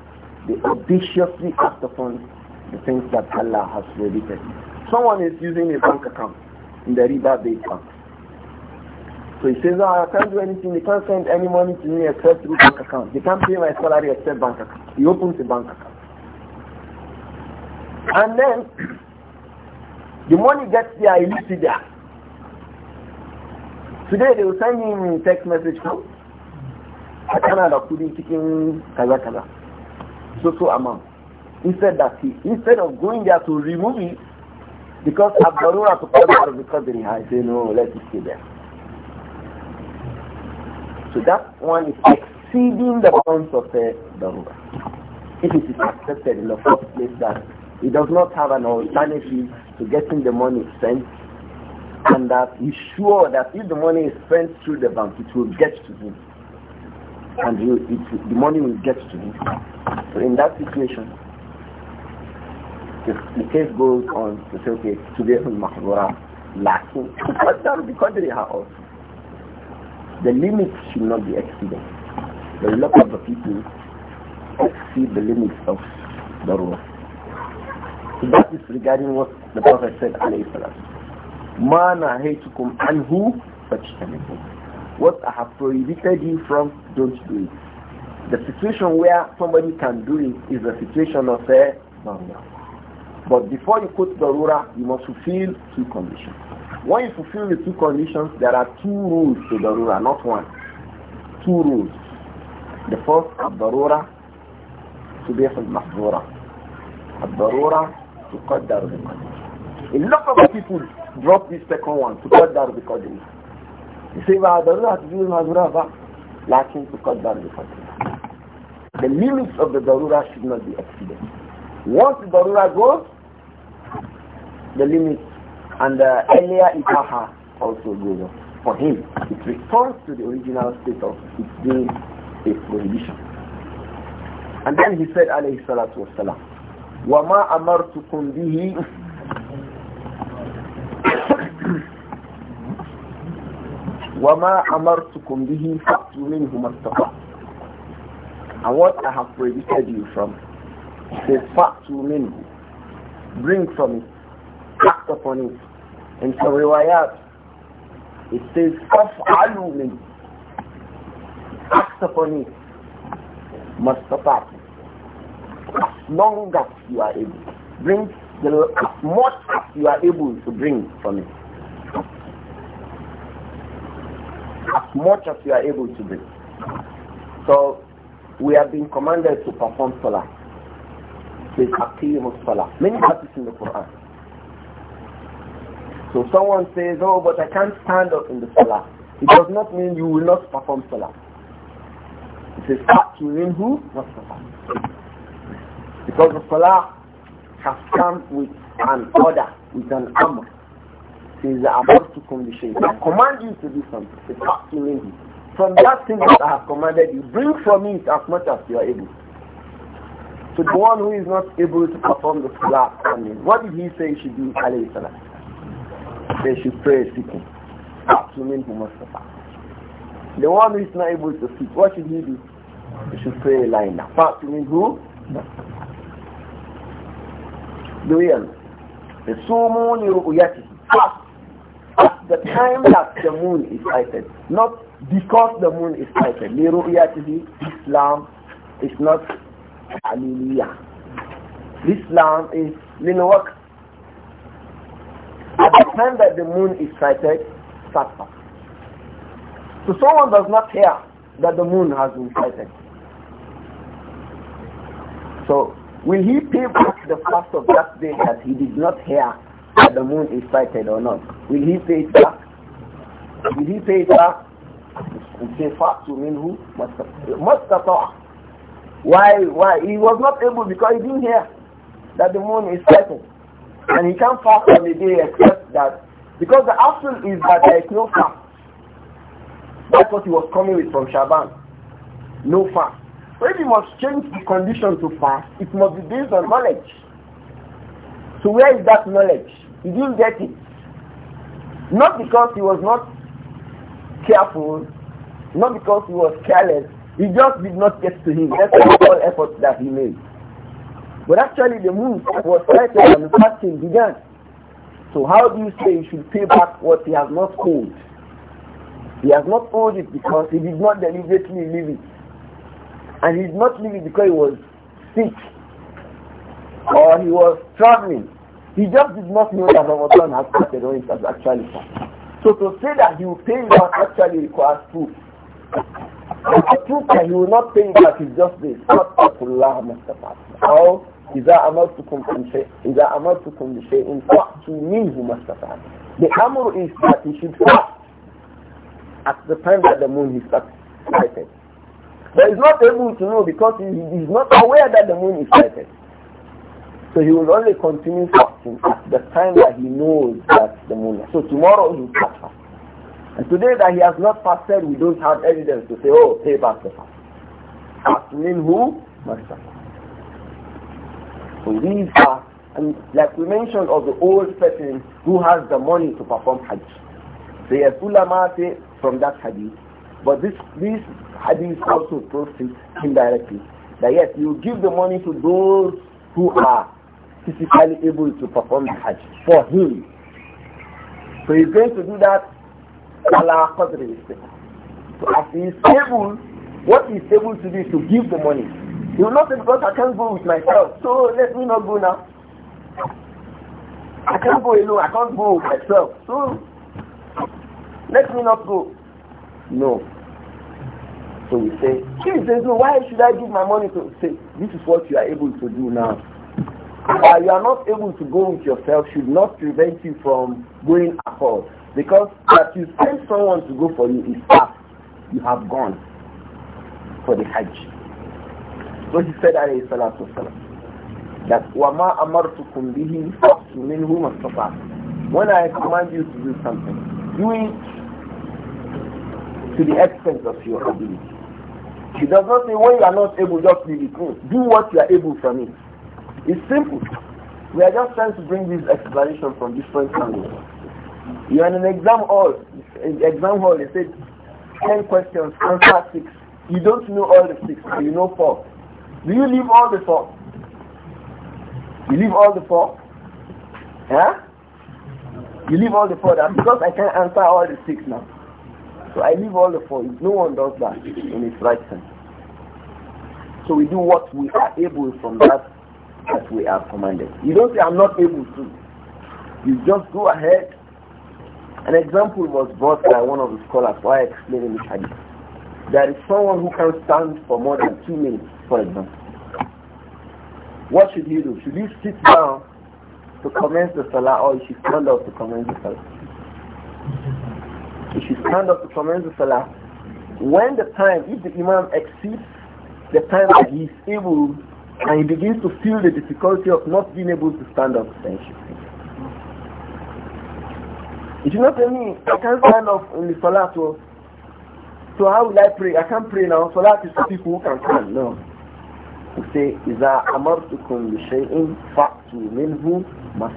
they audaciously act upon the things that Allah has prohibited. Someone is using a bank account in the riba bank. So he says, oh, I can't do anything. They can't send any money to me except through bank account. They can't pay my salary except bank account. He opens a bank account. And then the money gets there, he leaves it there today they will send him text message from kana da kudi kaza kaza so so amount said that he instead of going there to remove it because abdarura to of because they I say no let it stay there so that one is exceeding the bounds of the uh, darura if it is accepted in the first place that it does not have an alternative to getting the money sent and that he's sure that if the money is sent through the bank, it will get to him. And he, it, the money will get to him. So in that situation, the, the case goes on to say, okay, today from Mahbura lacking. But that will be the house, The limit should not be exceeded. The lot of the people exceed the limits of the rule. So that is regarding what the Prophet said, alayhi salatu مَا نَهَيْتُكُمْ عَنْهُ فَاجْتَنِبُوهُ What I have prohibited you from, don't do it. The situation where somebody can do it is a situation of a barura. But before you quote darura, you must fulfill two conditions. When you fulfill the two conditions, there are two rules to darura, not one. Two rules. The first, be الضرورة تبيح المحظورة الضرورة تقدر بالقدر. A lot of people drop this second one to cut down the qadr. He said, well, the darura to do mazurava, lacking to cut down the qadr. The limits of the darura should not be exceeded. Once the darura goes, the limits and the earlier ikaha also goes For him, it returns to the original state of it being a prohibition. And then he said, alayhi salatu wasalam, وَمَا أَمَرْتُكُمْ بِهِ وَمَا أَمَرْتُكُمْ بِهِ فَأْتُوا مِنْهُ مَا And what I have prohibited you from, say فَأْتُوا مِنْهُ Bring from it, act upon it. In some riwayat, it says فَأْفْعَلُوا مِنْهُ Act upon it, مَا As long as you are able. Bring the, as much as you are able to bring from it as much as you are able to do. So we have been commanded to perform salah. Says of Salah. Many verses in the Quran. So someone says, oh, but I can't stand up in the salah. It does not mean you will not perform salah. It says, who? minhu wa Because the salah has come with an order, with an amr says, Amartukum bishay'in. I command you to do something. It's not From that thing that I have commanded you, bring from me as much as you are able. So the one who is not able to perform the salah standing, what did he say he should do, alayhi salam? They should pray sitting. Absolutely Mustafa. The one who is not able to sit, what should he do? He should pray lying down. Apart from who? The real. The sumu ni ru'yatihi. Fast at the time that the moon is sighted, not because the moon is sighted. Liru'yatihi, Islam is not Aliliya. Islam is Linwak. At the time that the moon is sighted, Satma. So someone does not hear that the moon has been sighted. So will he pay back the fast of that day that he did not hear that the moon is sighted or not. Will he pay it back? Will he pay it back? We say fact to mean who? Mustafa. Why? Why? He was not able because he didn't hear that the moon is sighted. And he can't fast on the day except that. Because the actual is that there is no fast. That's what he was coming with from Shaban. No fast. So he must change the condition to fast, it must be based on knowledge. So where is that knowledge? He didn't get it. Not because he was not careful, not because he was careless, he just did not get to him. That's all effort that he made. But actually the move was started and the fasting began. So how do you say he should pay back what he has not owed? He has not owed it because he did not deliberately leave it. And he did not leave it because he was sick or he was traveling. He just did not know that Ramadan has started when it has actually started. So to say that he will pay it back actually requires proof. the proof that he will not pay it back is just this. How to أمرتكم in إذا أمرتكم بشيء فأتوا must have استطعتم. The amr is that he should fast at the time that the moon is sighted. But he's not able to know because he is not aware that the moon is sighted. So he will only continue fasting at the time that he knows that the moon. So tomorrow he will start fasting. And today that he has not fasted, we don't have evidence to say, oh, pay back the fast. Fast who? Master. So these are, and like we mentioned of the old person who has the money to perform Hajj. are yes, ulama say from that hadith. But this, this hadith also proves it indirectly. That yes, you give the money to those who are physically able to perform the Hajj for him. So he's going to do that Allah Qadri. So as he is able, what he's able to do is to give the money. He will not say, because I can't go with myself, so let me not go now. I can't go alone, I can't go myself, so let me not go. No. So we say, Jesus, why should I give my money to say, this is what you are able to do now. Why you are not able to go with yourself should not prevent you from going abroad. Because that you send someone to go for you is past. You have gone for the Hajj. So he said, alayhi salatu wasalam, that وَمَا أَمَرْتُكُمْ بِهِ فَأْتُ مِنْهُ مَسْتَطَعْتُمْ When I command you to do something, do it to the extent of your ability. He does not say when you are not able, just leave it. do what you are able from it. It's simple. We are just trying to bring this explanation from different angles. You are in an exam hall. In exam hall, they say 10 questions, answer 6. You don't know all the 6, but you know 4. Do you leave all the 4? You leave all the 4? Yeah. You leave all the 4. That's because I can't answer all the 6 now. So I leave all the 4. No one does that in its right sense. So we do what we are able from that as we are commanded. You don't say, I'm not able to. You just go ahead. An example was brought by one of the scholars while explaining the hadith. There is someone who can stand for more than two minutes, for example. What should he do? Should he sit down to commence the salah or he should stand up to commence the salah? He should stand up to commence the salah. When the time, if the imam exceeds the time that he is able and he begins to feel the difficulty of not being able to stand up. Thank you. you not me. I can't stand up in the salat. So, so how will I pray? I can't pray now. Salat is for people who can stand. No. We say, إِذَا أَمَرْتُكُمْ بِشَيْءٍ فَأْتُوا مِنْهُ مَا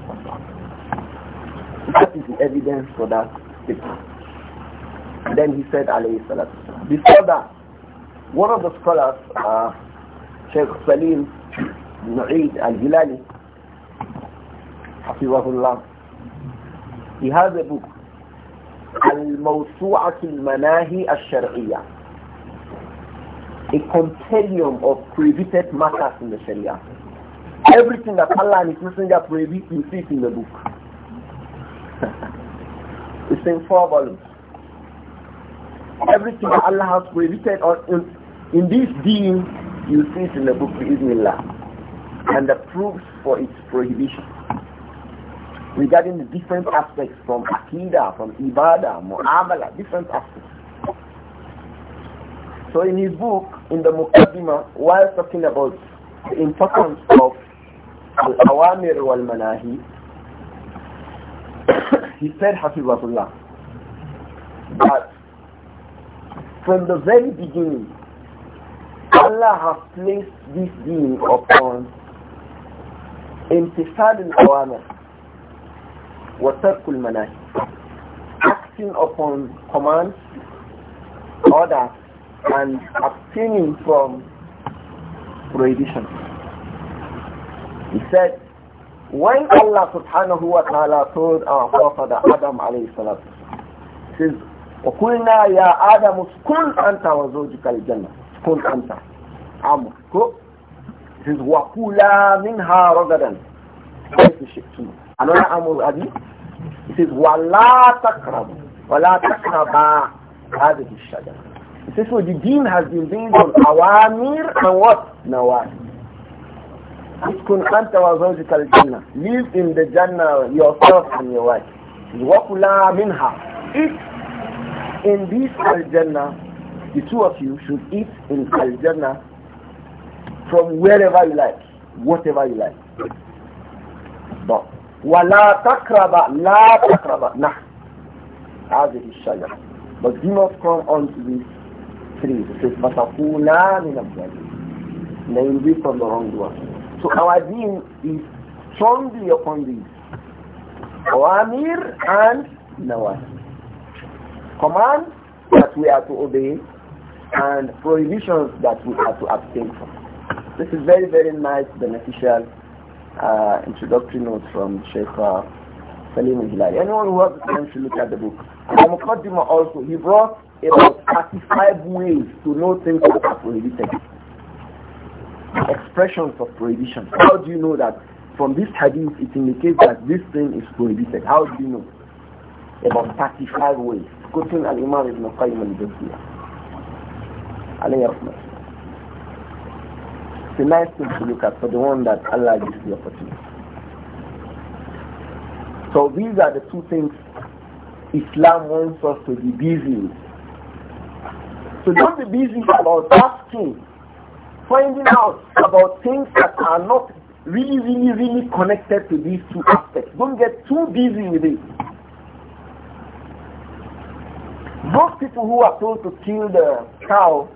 That is the evidence for that statement. Then he said, alayhi salatu Before that, one of the scholars, uh, Sheikh Salim Nu'id Al-Hilali, Hafizahullah, he has a book, Al-Mawsu'at Al-Manahi Al-Shar'iyya, a compendium of prohibited matters in the Sharia. Everything that Allah and His Messenger prohibit, you see it in the book. it's in four volumes. Everything that Allah has prohibited or in, in this deen you see it in the book of Bismillah and the proofs for its prohibition regarding the different aspects from Aqidah, from Ibadah, Mu'amala, different aspects. So in his book, in the Muqaddimah, while talking about the importance of Al-Awamir wal-Manahi, he said, Hafizahullah, that from the very beginning, Allah has placed this deen upon امتثال الأوامر وترك المناهي acting upon commands orders and abstaining from prohibition he said when Allah subhanahu wa ta'ala told our forefather Adam alayhi salam says وقلنا يا آدم اسكن أنت وزوجك الجنة اسكن أنت Amr. Go. This is Wakula minha ragadan. Another Amr Adi. It Wala takrab. Wala takraba. هذه الشجرة. It says the deen has been based on awamir and what? Nawahi. Iskun anta wa zawjika al-jannah. Live in the Jannah yourself and your wife. Wakula minha. Eat in this al The two of you should eat in al from wherever you like, whatever you like. But wala takraba la takraba nah. هذه الشجرة. But do not come onto this tree. It says fatakuna min الظالمين. They will be from the wrong one. So our deen is strongly upon this. Oamir and Nawahi. Command that we are to obey and prohibitions that we are to abstain from. This is very, very nice, beneficial uh, introductory notes from Sheikh uh, Salim al-Hilali. Anyone who has time should look at the book. And Muqaddimah also, he brought about 35 ways to know things that are prohibited. Expressions of prohibition. How do you know that from this hadith it indicates that this thing is prohibited? How do you know? About 35 ways. Quoting Al-Imam Ibn Qayyim al-Jaziyah. عليه it's a nice thing to look at for the one that Allah gives the opportunity. So these are the two things Islam wants us to be busy with. So don't be busy about asking, finding out about things that are not really, really, really connected to these two aspects. Don't get too busy with it. Those people who are told to kill the cow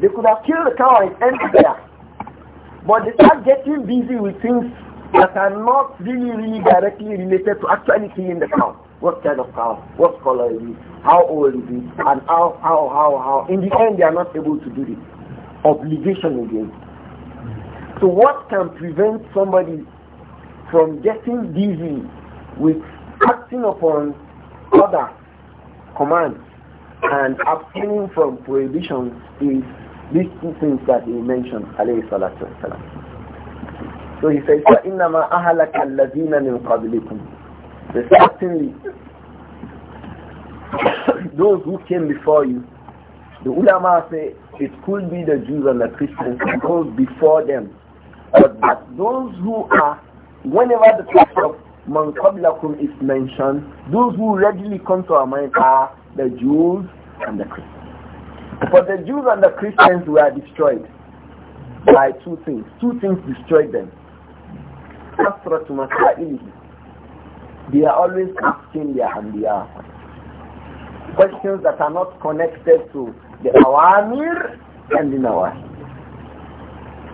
they could have killed the cow and ended there. But they start getting busy with things that are not really, really directly related to actually killing the cow. What kind of cow? What color is it? How old is it? And how, how, how, how? In the end, they are not able to do this. Obligation again. So what can prevent somebody from getting busy with acting upon other commands and abstaining from prohibitions is these two things that he mentioned, alayhi salatu wasalam. So he says, فَإِنَّمَا أَهَلَكَ الَّذِينَ مِنْ قَبْلِكُمْ Certainly, those who came before you, the ulama say it could be the Jews and the Christians, those before them. But those who are, whenever the text of Man is mentioned, those who readily come to our mind are the Jews and the Christians. But the Jews and the Christians were destroyed by two things. Two things destroyed them. They are always asking their handiya questions that are not connected to the awamir and the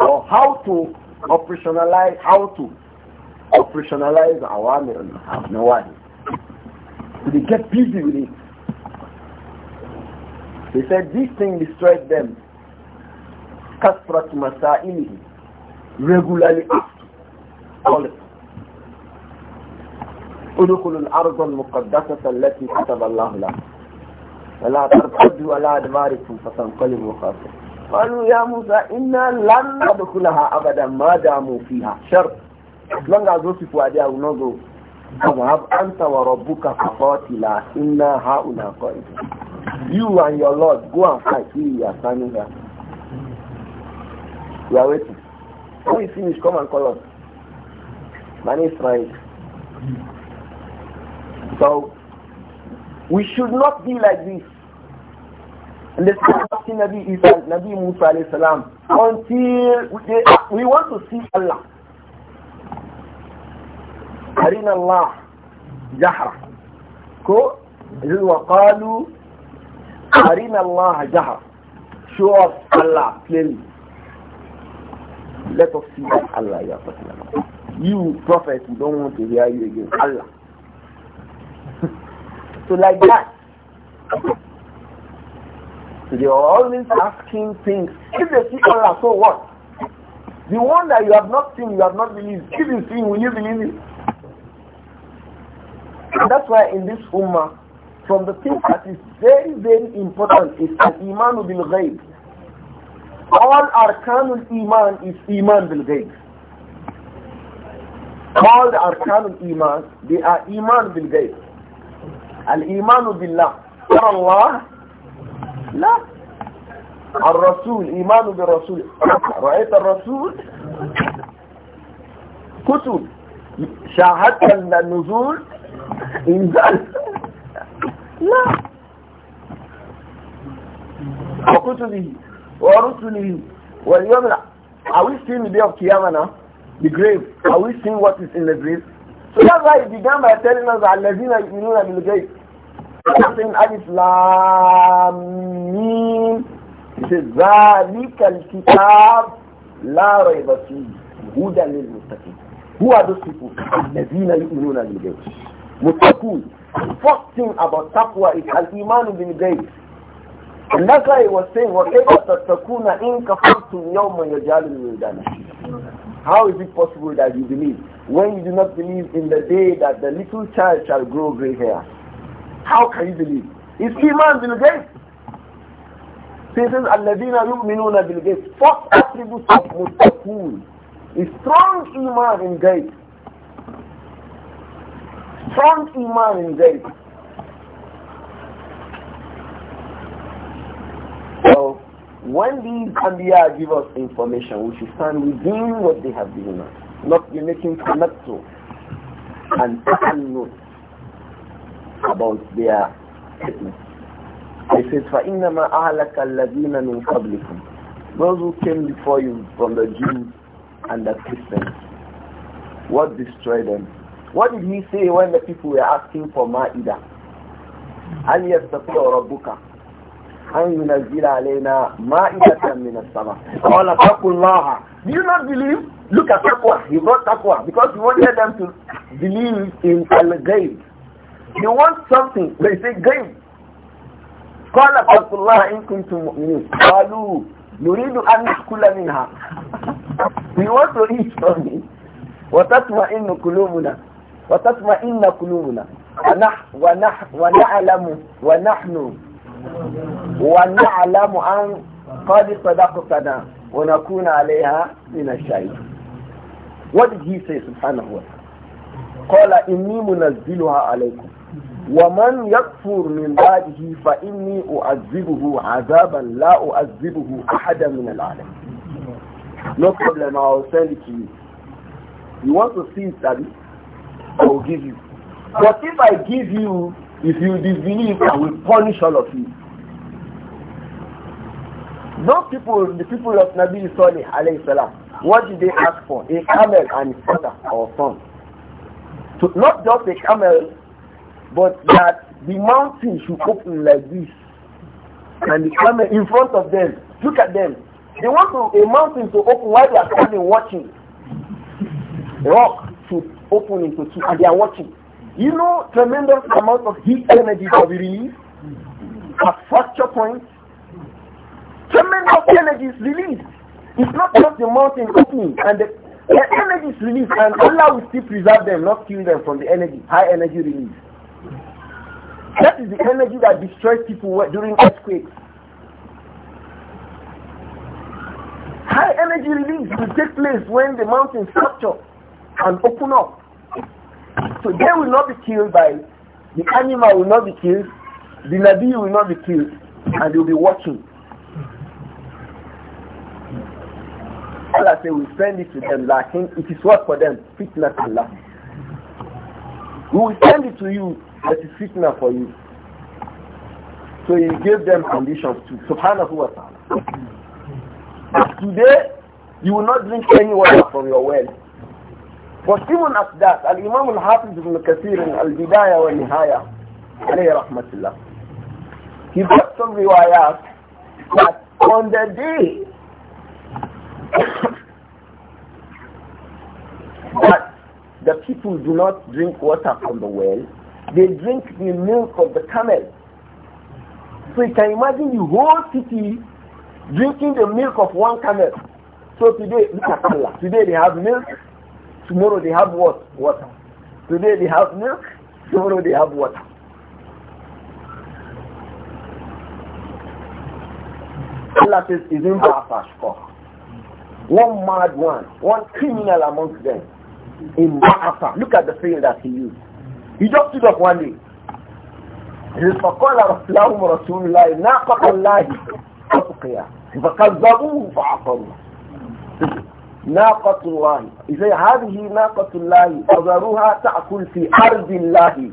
Or how to operationalize, how to operationalize awamir and nawahi. they get busy with it. He said, this thing destroyed them. Kasrat masailihi. Regularly asking. All it. ادخلوا الارض المقدسة التي كتب الله لكم فلا ترتدوا على ادباركم فتنقلبوا خاسرين قالوا يا موسى إنا لن ندخلها أبدا ما داموا فيها شرط لن أزوسي فؤادي أو نظر اذهب أنت وربك فقاتلا إنا هؤلاء قائدون You and your Lord, go and fight. We are standing here. We are waiting. When we finish, come and call us. My name is Mike. So, we should not be like this. And the same Nabi Isa, Nabi Musa alayhi salam, until we, we want to see Allah. أرنا الله جهرة كو وقالوا Arina Allah jaha. Show us Allah plainly. Let us see that Allah you Allah. You, prophet, we don't want to hear you again. Allah. so like that. So they are always asking things. If they see Allah, so what? The one that you have not seen, you have not believed. If you see, will you believe it? that's why in this Ummah, from the thing that is very, very important is al-iman bil ghayb All arkanul iman is iman bil ghayb All the arkanul iman, they are iman bil ghayb Al-iman billah. ترى الله لا الرسول إيمان بالرسول رأيت الرسول كتب شاهدت النزول إنزال لا وكتبه ورسله واليوم Are we seeing the day of Qiyamah The grave. Are we seeing what is in the grave? So that's why he began by telling us that lazina Yuminuna Bil Ghaib. Something Alif Lam Mim. He says ذَلِكَ الْكِتَابِ لَا رَيْبَ فِيهِ Who are those people? in the grave. مُتَّقُونَ the first thing about taqwa is al-iman the day, And that's why he was saying, وَكَيْفَ تَتَّقُونَ in كَفَرْتُمْ يَوْمًا يَجْعَلُ الْوِلْدَانَ How is it possible that you believe when you do not believe in the day that the little child shall grow gray hair? How can you believe? It's iman in the This is الَّذِينَ يُؤْمِنُونَ بِالْغَيْبِ First attribute of muttaqun is strong iman in day strong iman in them. So when these Anbiya give us information, we should stand within what they have given us, not be making connections and taking notes about their statements. It says, فَإِنَّمَا أَهْلَكَ الَّذِينَ مِنْ قَبْلِكُمْ Those who came before you from the Jews and the Christians, what destroyed them? What did he say when the people were asking for Ma'ida? أَنْ يَسْتَطِيعَ رَبُّكَ أَنْ يُنَزِّلَ عَلَيْنَا مَائِدَةً مِنَ السَّمَاءِ قَالَ اتَّقُوا اللَّهَ Do you not believe? Look at taqwa. He brought taqwa because he wanted them to believe in al-ghaib. He wants something. They say ghaib. قال laha. الله إن كنتم مؤمنين قالوا نريد أن نأكل منها We want to eat from it. وتطمئن قلوبنا وتطمئن قلوبنا ونح ونح ونعلم ونحن ونعلم أن قد صدقتنا ونكون عليها من الشاهدين What did he say subhanahu wa ta'ala? قال إني منزلها عليكم ومن يكفر من بعده فإني أعذبه عذابا لا أعذبه أحدا من العالم No problem, I will send it to you. You want to see it, Abby? I will give you. But if I give you, if you disbelieve, I will punish all of you. Those people, the people of Nabi Salih salam, what did they ask for? A camel and his father or son. So not just a camel, but that the mountain should open like this. And the camel in front of them, look at them. They want to, a mountain to open while they are standing watching. Rock open into two and they are watching. You know tremendous amount of heat energy that we release at fracture points. Tremendous energy is released. It's not just the mountain opening and the, the energy is released and Allah will still preserve them, not kill them from the energy, high energy release. That is the energy that destroys people during earthquakes. High energy release will take place when the mountain structure and open up. So they will not be killed by, the animal will not be killed, the Nabi will not be killed, and they will be watching. Allah said, we send it to them, lacking. It is what for them? Fitna to Allah. We will send it to you, that is fitna for you. So he gave them conditions to. Subhanahu wa ta'ala. Today, you will not drink any water from your well. But even after that, Al-Imam Al-Hafiz ibn Kathir in Al-Bidayah wa Nihaya, alayhi rahmatullah, he got some riwayat that on the day that the people do not drink water from the well, they drink the milk of the camel. So you can imagine the whole city drinking the milk of one camel. So today, look at Allah. Today they have milk, Tomorrow they have what? Water. Today they have milk. Tomorrow they have water. Allah says, isn't One mad one, one criminal amongst them. In Ba'afa. Look at the field that he used. He just stood up one day. فَقَالَ رَسْلَهُمْ رَسُولُ اللَّهِ نَاقَةَ اللَّهِ فَقِيَا فَكَذَّبُوهُ فَعَقَرُوا ناقة الله إذا هذه ناقة الله أذرها تأكل في أرض الله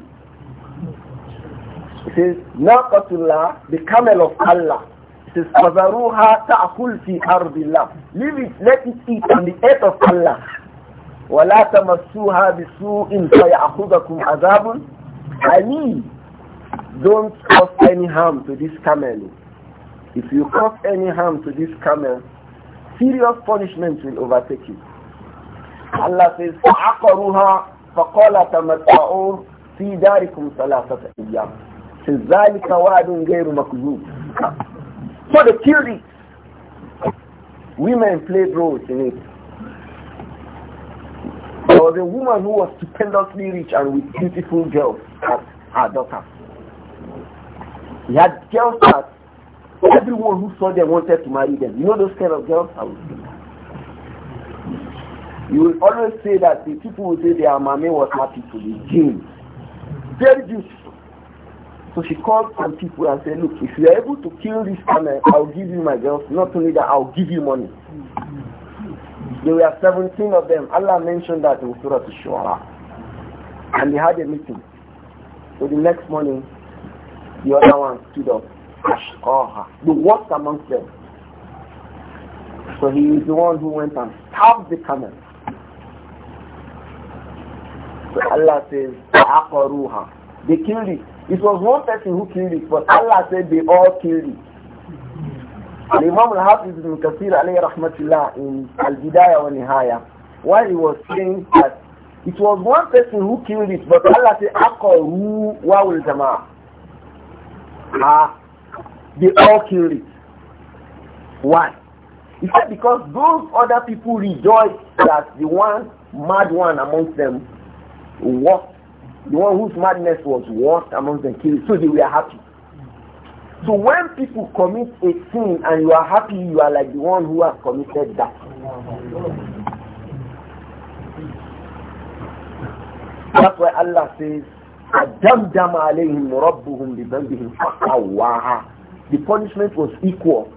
It says ناقة الله the camel of Allah It says أذرها تأكل في أرض الله Leave it, let it eat on the earth of Allah ولا تمسوها بسوء فيأخذكم عذاب أليم Don't cause any harm to this camel. If you cause any harm to this camel, serious punishment will overtake you. Allah says, فَعَقَرُهَا فَقَالَ تَمَتَّعُوا فِي دَارِكُمْ ثَلَاثَةَ أَيَّامٍ ذَلِكَ وَعْدٌ غَيْرُ So the killed Women played roles in it. There was a woman who was stupendously rich and with beautiful girls as her daughter. He had girls that Everyone who saw them wanted to marry them. You know those kind of girls? I you will always say that the people will say their mommy was happy to the gene. Very beautiful. So she called some people and said, look, if you are able to kill this camel, eh, I'll give you my girls. Not only that, I'll give you money. There were 17 of them. Allah mentioned that in Surah Al-Shu'ara. And they had a meeting. So the next morning, the other one stood up ashqaha, the worst amongst them. So he is the one who went and stabbed the camel. So Allah says, Aqaruha. They killed it. It was one person who killed it, but Allah said they all killed it. And Imam al-Hafiz ibn Kathir alayhi rahmatullah in Al-Bidayah wa Nihaya, while he was saying that it was one person who killed it, but Allah said, Aqaru wa ul jama'a. Ah, they all killed it. Why? He said because those other people rejoiced that the one mad one amongst them was the one whose madness was worst amongst them killed. So they were happy. So when people commit a sin and you are happy, you are like the one who has committed that. That's why Allah says, "Adamdam alayhim rabbuhum bi the punishment was equal.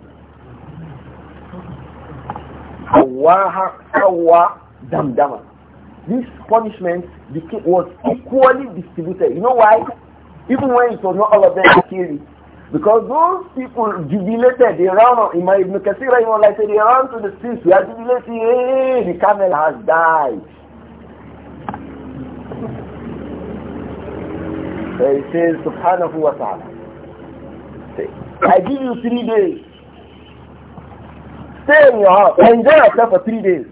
This punishment was equally distributed. You know why? Even when it was not all of them killed, because those people jubilated, they ran on, in my Ibn Kathir, like, they ran to the streets, we are jubilating, hey, the camel has died. So he says, subhanahu wa ta'ala. Stay. I give you three days. Stay in your house. Enjoy yourself for three days.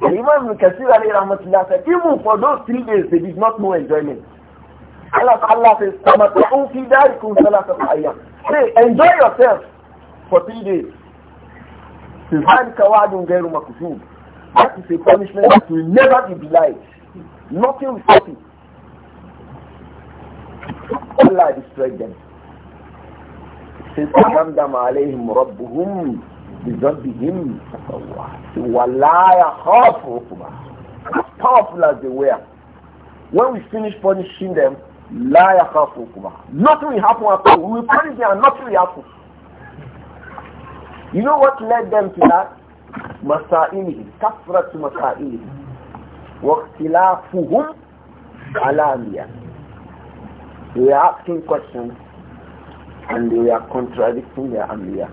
The Imam Kasir Ali Rahmatullah said, even for those three days, they did not know enjoyment. Allah, says, Say, enjoy yourself for three days. ذَلِكَ وَعْدٌ غَيْرُ مَكْتُوبٍ That is a punishment that will never be belied. Nothing will stop it. Allah destroyed them since Adam alayhim rabbuhum bizabbihim wallaya khafukuma as powerful as they were when we finish punishing them laya khafukuma nothing will happen at all we will punish them and nothing will happen you know what led them to that masaili kafrat masaili waqtilafuhum alamiya we are asking questions and they are contradicting their Anbiya.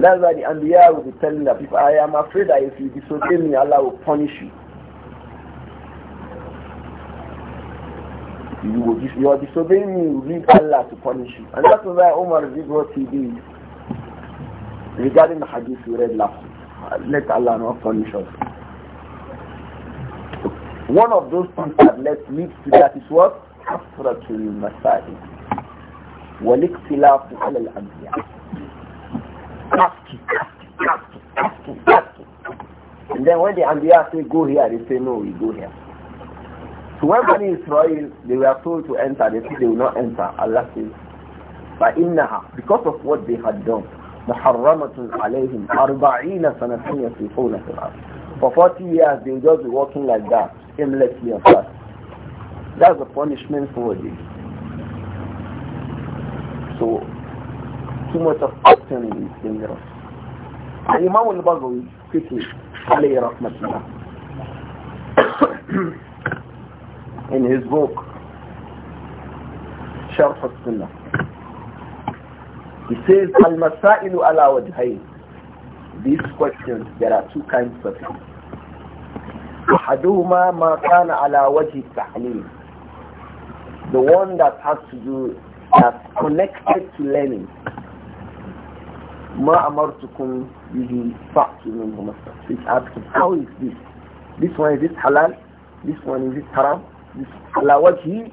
That's why the Anbiya will be telling the people, I am afraid that if you disobey me, Allah will punish you. You, will dis- you are disobeying me, you leave Allah to punish you. And that's why Omar did what he did regarding the hadith we read last Let Allah not punish us. One of those things that leads to that is what? Kafratul Masahid. والاختلاف على الأنبياء And then when the Anbiya say, go here, they say, no, we go here. So when Bani Israel, they were told to enter, they said they will not enter. Allah says, فَإِنَّهَا Because of what they had done, مُحَرَّمَةٌ عَلَيْهِمْ أَرْبَعِينَ سَنَةً يَسْرِفُونَ فِي الْأَرْضِ For 40 years, they will just be walking like that, aimlessly and fast. That's the punishment for them. So, too much of action is dangerous. And Imam al-Baghawi, quickly, alayhi rahmatullah, in his book, Sharh al-Sunnah, he says, Al-Masailu ala wajhayn. These questions, there are two kinds of things. أحدهما ما كان على وجه التحليل the one that has to do that's connected to learning. ما أمرتكم به فأتوا منه ما استطعتم. How is this? This one is this halal? This one is this haram? This على وجه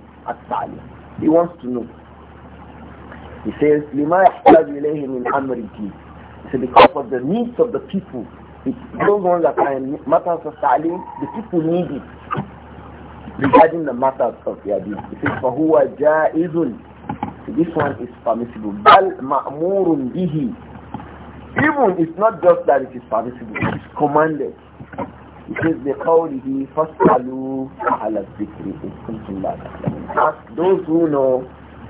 He wants to know. He says لما يحتاج min من He So because of the needs of the people, it, those ones that are in matters of ta'lim, the people need it regarding the matters of their deeds. It says فهو جائز this one is permissible. Bal ma'murun bihi. Even it's not just that it is permissible, it is commanded. It says بقوله فاسألوا أهل ala إن in لا تعلمون. Ask those who know,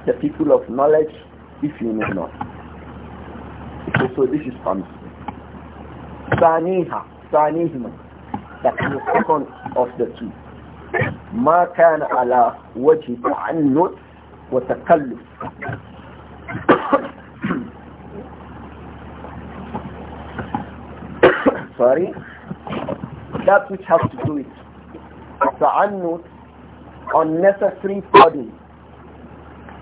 the people of knowledge, if you know not. So, so this is permissible. ثانيها ثانيهما that is the second of the two. ما كان على وجه تعنت وتكلف sorry that which has to do with ta'annut unnecessary burden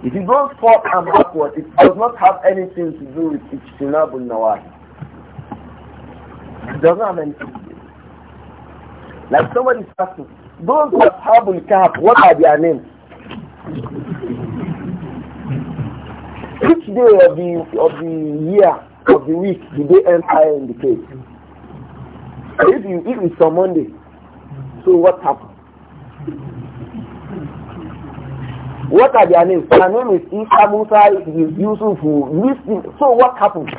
if involves forward and backward it does not have anything to do with ijtinabul nawahi it doesn't have anything to do like somebody is asking those ashabul kahf what are their names each day of the of the year of the week the day ends enter in the cave? If you if it's on Monday, so what happened? What are their names? Their name is Isa Musa is Yusuf who listening. So what happened?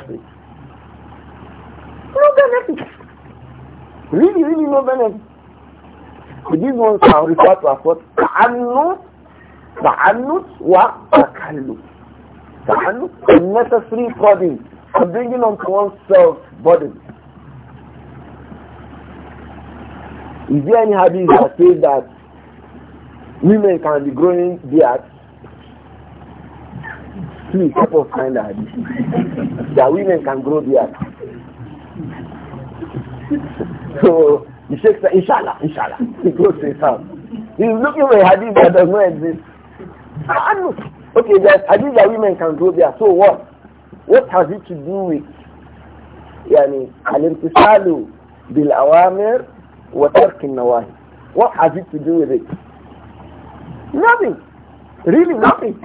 No benefit. Really, really no benefit. So these ones are referred to as what? Ta'annut, ta'annut wa takallut. Can unnecessary burden and bringing onto oneself bodies. Is there any hadith that says that women can be growing beards? Please help us find that that women can grow beards. so he says, inshallah, inshallah. He goes to his house. He's looking for a hadith that does not exist. Okay, there's hadith that women can go there. So what? What has it to do with yani al bil awamir wa nawahi What has it to do with it? Nothing. Really nothing.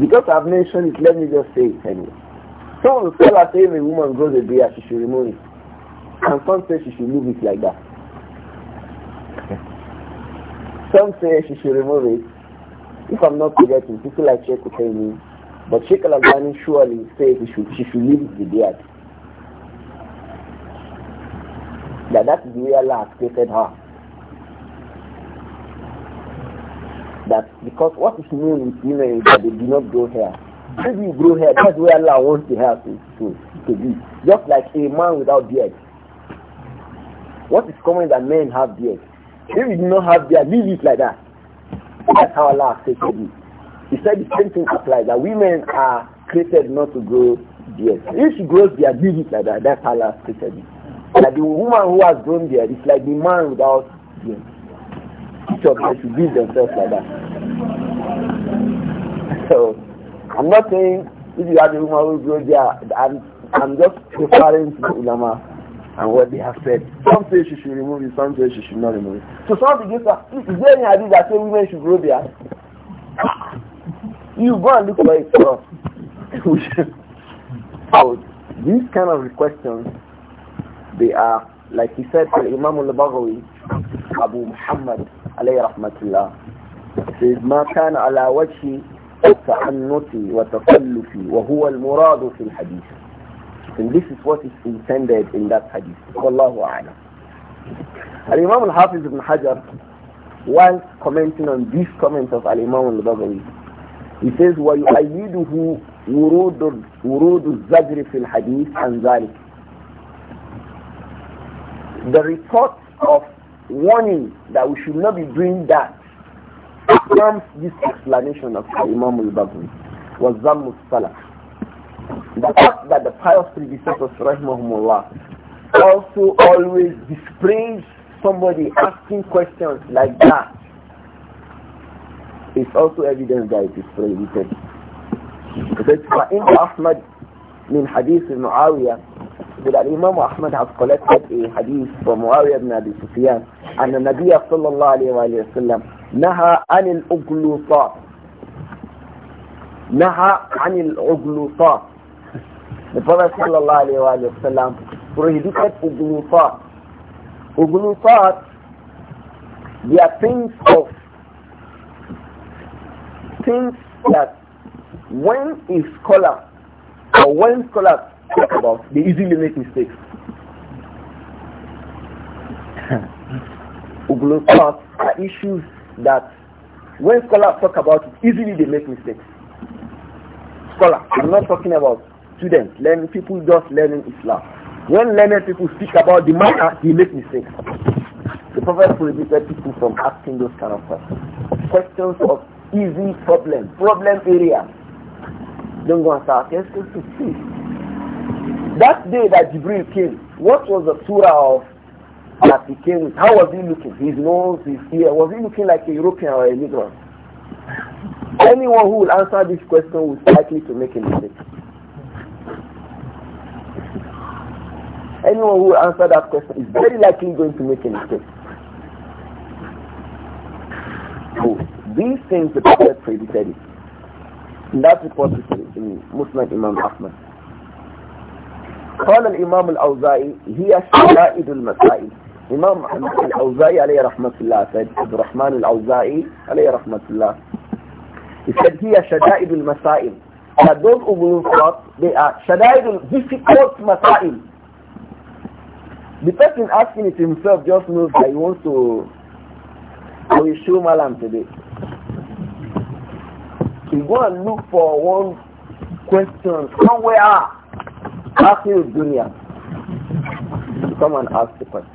Because I've mentioned it, let me just say it anyway. Some will tell us if a woman goes a she should remove it. And some say she should leave it like that. Some say she should remove it. If I'm not forgetting, people like Sheikh Hussein, but Sheikh Al-Albani surely says she should, she should leave the beard. That that is the way Allah has created her. That because what is known with women is that they do not grow hair. Maybe you grow hair, that's where Allah wants the hair to, to, to be. Just like a man without beard. What is common that men have beards. They will not have their leave like that. That's how Allah has it. He said the same thing applies that women are created not to grow beard. If she grows beard, leave it like that. That's how Allah has it. That the woman who has grown beard is like the man without beard. Each of them should give themselves like that. So I'm not saying if you have a woman who grows beard, I'm, I'm just referring to the ulama and what they have said. Some say she should remove it, some say she should not remove it. So some begins to ask, is there any idea that say women should grow their You go and look for it for us. so these kind of questions, they are, like he said to Imam al-Baghawi, Abu Muhammad, alayhi rahmatullah, says, ما كان على وجه التعنت وتخلف وهو المراد في الحديث and this is what is intended in that hadith. Wallahu a'lam. Al-Imam al-Hafiz ibn Hajar, while commenting on these comments of Al-Imam al-Baghawi, he says, وَيُؤَيِّدُهُ ورود ورود الزجر في الحديث عن ذلك the report of warning that we should not be doing that comes this explanation of Imam al-Baghawi was Zammus the fact that the pious predecessors, rahimahumullah, also always dispraise somebody asking questions like that is also evidence that it is prohibited. Because in Ahmad min hadith Muawiyah, that Imam Ahmad has collected a hadith from Muawiyah ibn Abi Sufyan, and the Nabi sallallahu alayhi wa sallam, نهى عن الأغلوطات نهى عن الأغلوطات the Prophet ﷺ prohibited ugunufat. Ugunufat, they are things of things that when a scholar or when scholars talk about, they easily make mistakes. ugunufat are issues that when scholars talk about it, easily they make mistakes. Scholar, I'm not talking about students, learn people just learning Islam. When learned people speak about the matter, they make mistakes. The Prophet prohibited people from asking those kind of questions. Questions of easy problem, problem area. Don't go and start. Yes, yes, yes, That day that Jibril came, what was the surah of that he came with? How was he looking? His nose, his ear. Was he looking like a European or a Negro? Anyone who will answer this question will likely to make a mistake. Anyone who answer that question is very likely going to make a mistake. So these things the Prophet predicted it. And that's reported in Muslim Imam Ahmad. قال الإمام الأوزاعي هي شدائد المسائل إمام الأوزاعي عليه رحمة الله سيد عبد الرحمن الأوزاعي عليه رحمة الله He said هي شدائد المسائل that those who will not, they are شدائد difficult مسائل the person asking it himself just knows that he wants to I will show Malam today. He go and look for one question somewhere ah, after dunya. Come and ask the question.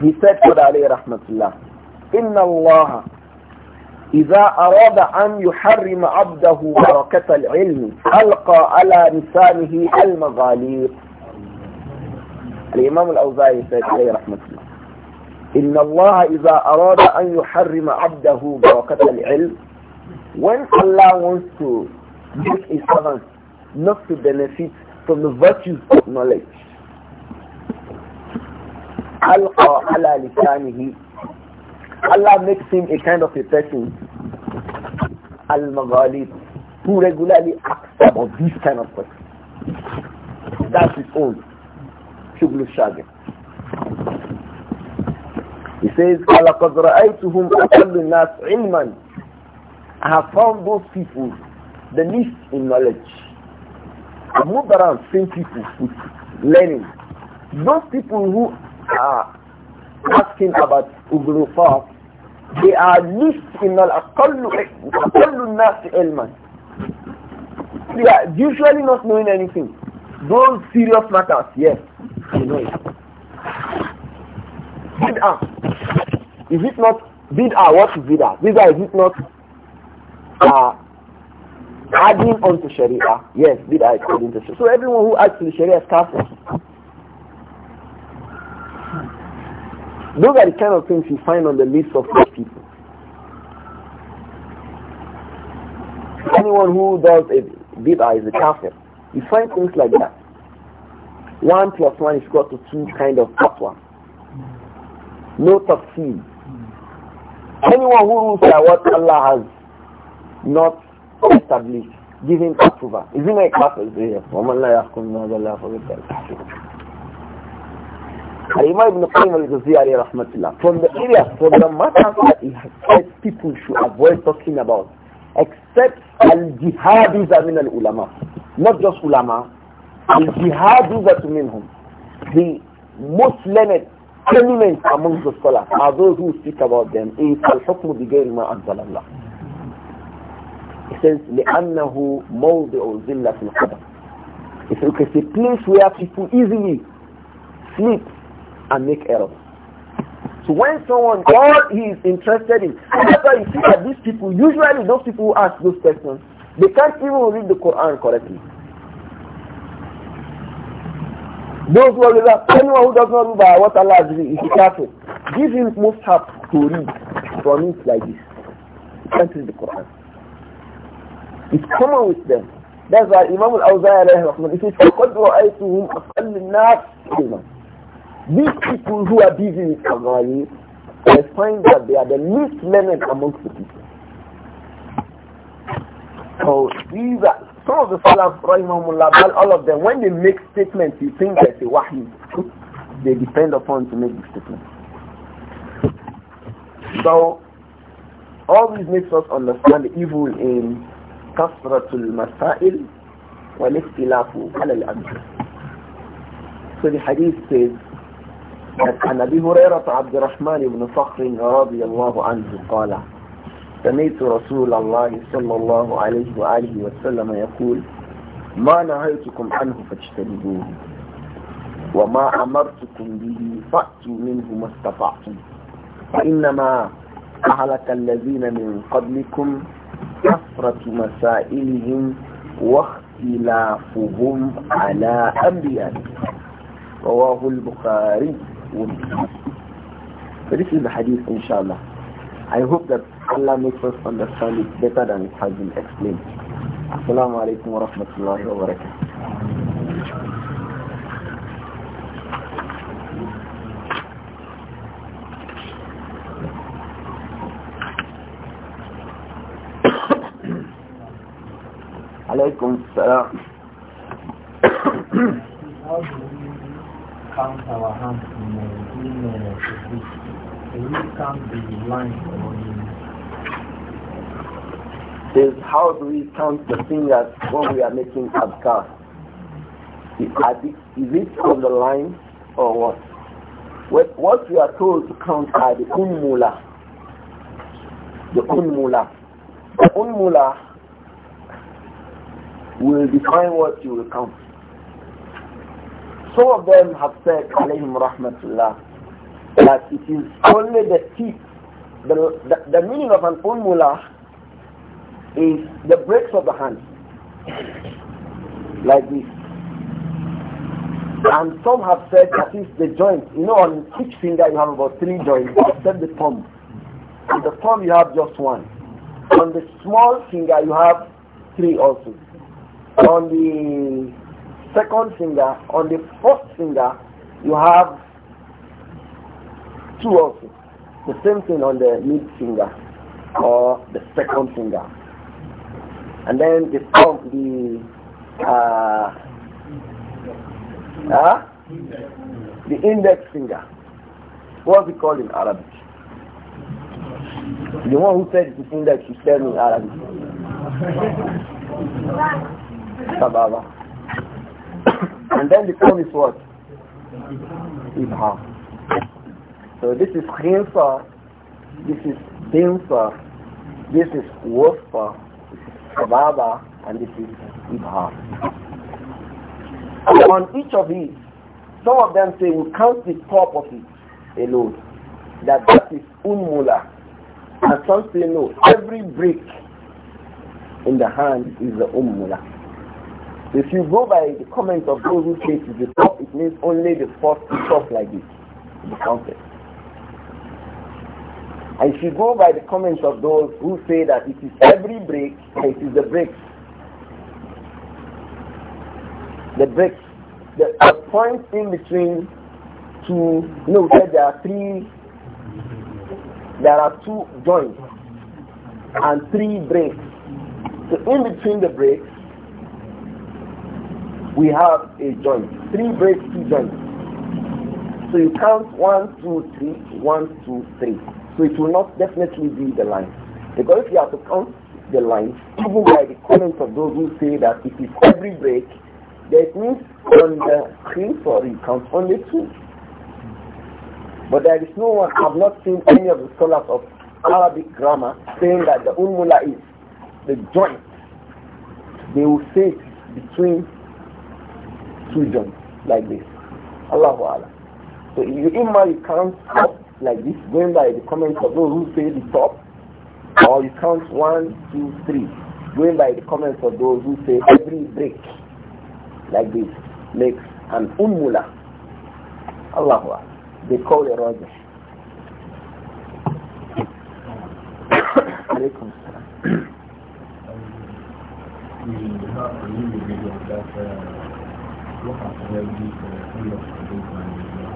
He said to Ali Rahmatullah, Inna Allah إذا أراد أن يحرم عبده بركة العلم ألقى على لسانه المغاليق Imam al-Awza'i said, إِنَّ اللَّهَ إِذَا أَرَادَ أَن يُحَرِّمَ عَبْدَهُ بَرَكَةَ الْعِلْمِ When Allah wants to make a servant not to benefit from the virtues of knowledge, أَلْقَى عَلَى لِسَانِهِ Allah makes him a kind of a person, al-maghalib, who regularly asks about these kind of questions. That's his own. شبل الشاجر He says, لَقَدْ رَأَيْتُهُمْ أَقَلُّ النَّاسِ عِلْمًا I have found those people the least in knowledge. I moved around same people with learning. Those people who are asking about Ugrufat, they are least in knowledge. أَقَلُّ النَّاسِ عِلْمًا They are usually not knowing anything. Those serious matters, yes you know Bid'ah. Is it not bid'ah? What is bid'ah? Bid'ah is it not uh, adding on to Sharia? Yes, bid'ah is adding to Sharia. So everyone who adds to the Sharia is kafir. Those are the kind of things you find on the list of those people. Anyone who does a bid'ah is a kafir. You find things like that. 1 plus 1 is equal to 2 kind of fatwa. No tafsir. Anyone who rules by what Allah has not established, giving approval. Is it not a Yes. Imam ibn Qayyim al rahmatullah from the area, from the matter that he has said people should avoid talking about except al-jihadis min al-ulama not just ulama Al-jihadu minhum. The most learned eminent among the scholars are those who speak about them is al-hukmu bighayri ma anzal Allah. He says, لأنه موضع زلة القدم. It's, it's a place where people easily sleep and make errors. So when someone, all he is interested in, that's why you see that these people, usually those people who ask those questions, they can't even read the Quran correctly. Those who are with anyone who does not read by what Allah has read is a kafir. Give him Mus'haf to read from it like this. He can't read the Quran. It's common with them. That's why Imam al-Awza'i alayhi rahman, he says, فَقَدْ رَأَيْتُهُمْ أَقَلِّ النَّاسِ إِلْمًا These people who are busy with Qawari, I find that they are the least learned amongst the people. So these are some of the Salaf, Rahimahullah, all of them, when they make statements, you think that they wahi. They depend upon to make the statement. So, all this makes us understand the evil in kasratul masail wal ikhtilafu ala al So the hadith says, عن أبي هريرة عبد الرحمن بن صخر رضي الله عنه قال سمعت رسول الله صلى الله عليه وآله وسلم يقول ما نهيتكم عنه فاجتنبوه وما أمرتكم به فأتوا منه ما استطعتم فإنما أهلك الذين من قبلكم كثرة مسائلهم واختلافهم على أنبيائهم رواه البخاري ومسلم. So this is the hadith inshallah. I hope that Allah makes us understand it better than it has been explained. Assalamu alaikum wa rahmatullahi wa barakatuh. عليكم السلام count our hands in, in, in, in, in, in, in, in, in, is how do we count the fingers when we are making adhkar? Is it on the line or what? What we are told to count are the unmula. The unmula. The unmula will define what you will count. Some of them have said, alayhim rahmatullah, that it is only the tip. The, the, the meaning of an unmula is the breaks of the hands, like this. And some have said that is the joint. You know, on each finger you have about three joints, except the thumb. On the thumb you have just one. On the small finger you have three also. On the second finger, on the first finger you have two also. The same thing on the mid finger or the second finger. And then the song, the, uh, huh? the index finger. What we call in Arabic? The one who said the index that tell me in Arabic. Sababa. and then the thumb is what? Ibham. So this is khinsa, this is dinsa, this is wasfa, Baba and this is Ibhar. And on each of these, some of them say we count the top of it alone. That that is Unmula. And some say no, every brick in the hand is the Ummula. If you go by the comments of those who say it is the top, it means only the first stuff like this, the counted. And if you go by the comments of those who say that it is every break, it is the break. The break. The, the point in between two, you know, there are three, there are two joints and three breaks. So in between the breaks, we have a joint. Three breaks, two joints. So you count one, two, three, one, two, three. So it will not definitely be the line. Because if you have to count the line, even by the comments of those who say that it is every break, that means on the three, sorry, you count only two. But there is no one, I've not seen any of the scholars of Arabic grammar saying that the ummula is the joint. They will say between two joints like this. Allahu Allah. So you imagine you count up like this, going by the comments of those who say the top, or you count one, two, three, going by the comments of those who say every break, like this, makes an ummula. Allahu They call it rajah. Alaikum salam.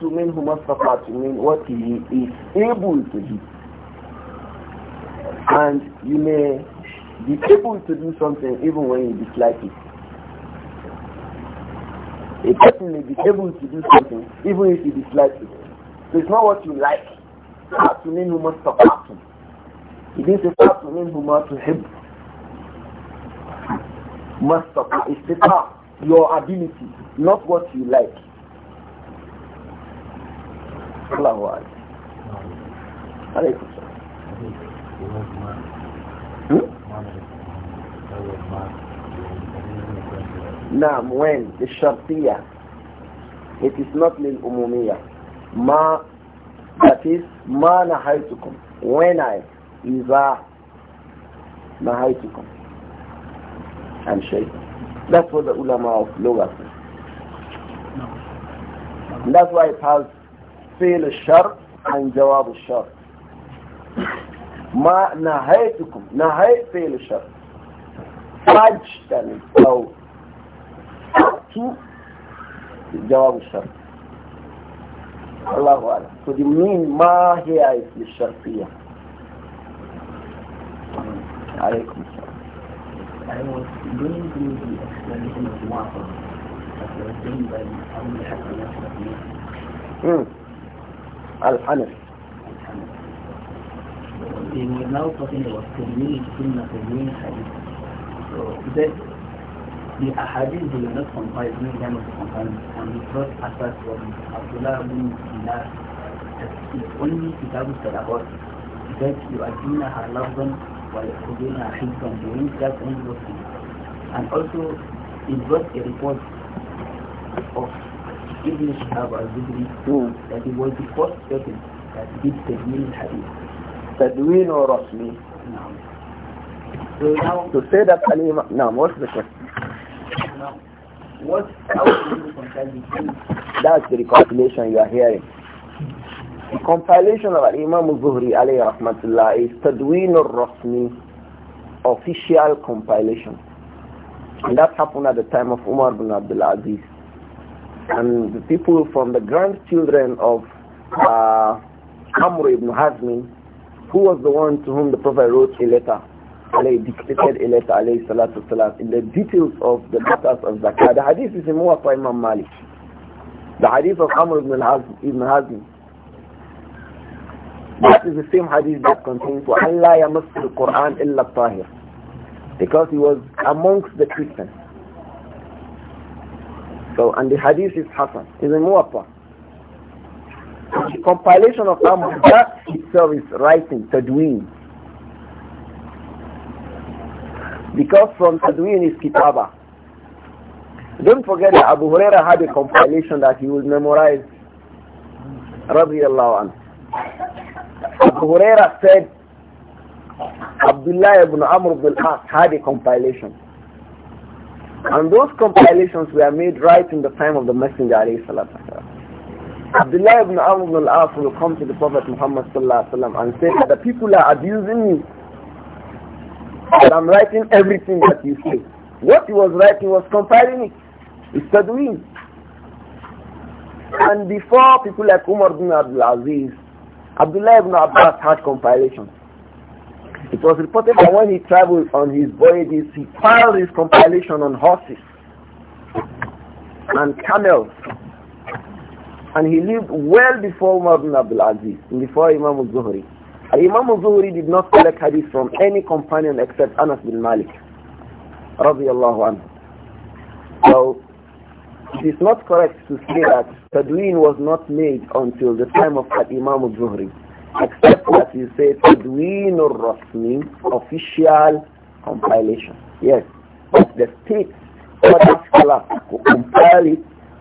to mean who must suffer to mean what he is able to do. And you may be able to do something even when you dislike it. A person may be able to do something even if he dislikes it. So it's not what you like. To mean who must suffer to. He didn't say to mean who must him. Must suffer. It's the your ability, not what you like. Allahu Akbar. Alaykum hmm? Naam, when? The Shartiya. It is not lil umumiya. Ma, that is, ma is When I, iza i And shaykh. That's what the ulama of Loga says. That's why it has فعل الشر عن جواب الشر ما نهيتكم نهيت فعل الشر فاجتنب أو أتو جواب الشر الله أعلم so the mean ما هي اسم آية الشرطية عليكم السلام I was going through the explanation of Wafa, was by of al are the Ahadith not and Abdullah bin Dinar. only salahot that you are doing a halabdan while doing a that only those And also, it brought a report of Ibn Shihab al-Zubri mm. that he was the first person that did Tadwin al-Hadith. Tadwin or Rasmi? No. So now, to say that Al-Imam, no, what's the question? Now, what, That's the compilation you are hearing. The compilation of Imam al-Zuhri alayhi rahmatullah is Tadwin al-Rasmi, official compilation. And that happened at the time of Umar bin Abdul Aziz and the people from the grandchildren of uh, Amr ibn Hazmi, who was the one to whom the Prophet wrote a letter, alayhi, dictated a letter, alayhi salatu salat in the details of the matters of zakah. The hadith is in Muwafa Imam Malik. The hadith of Amr ibn Hazmi, ibn Hazmi. That is the same hadith that contains "Allah لَا يَمَسُّ الْقُرْآنِ Because he was amongst the Christians. So, and the hadith is Hassan, is a Muwaffa. The compilation of Ahmad, that itself is writing, Tadween. Because from Tadween is Kitaba. Don't forget that Abu Huraira had a compilation that he would memorize. Radiallahu anhu. Abu Huraira said, Abdullah ibn Amr ibn al-As had a compilation. And those compilations were made right in the time of the Messenger Abdullah ibn Amr ibn al-As will come to the Prophet Muhammad and say that the people are abusing me. But I'm writing everything that you say. What he was writing was compiling it. It's Tadween. And before people like Umar ibn Abdul Aziz, Abdullah ibn Abbas had compilations. It was reported that when he traveled on his voyages, he piled his compilation on horses and camels. And he lived well before modern Abdul Aziz, before Imam al-Zuhri. Imam al-Zuhri did not collect hadith from any companion except Anas bin Malik, So, it is not correct to say that Tadween was not made until the time of Imam al-Zuhri except that you say Tadween al-Rasmi, official compilation. Yes, but the state order compiled compile it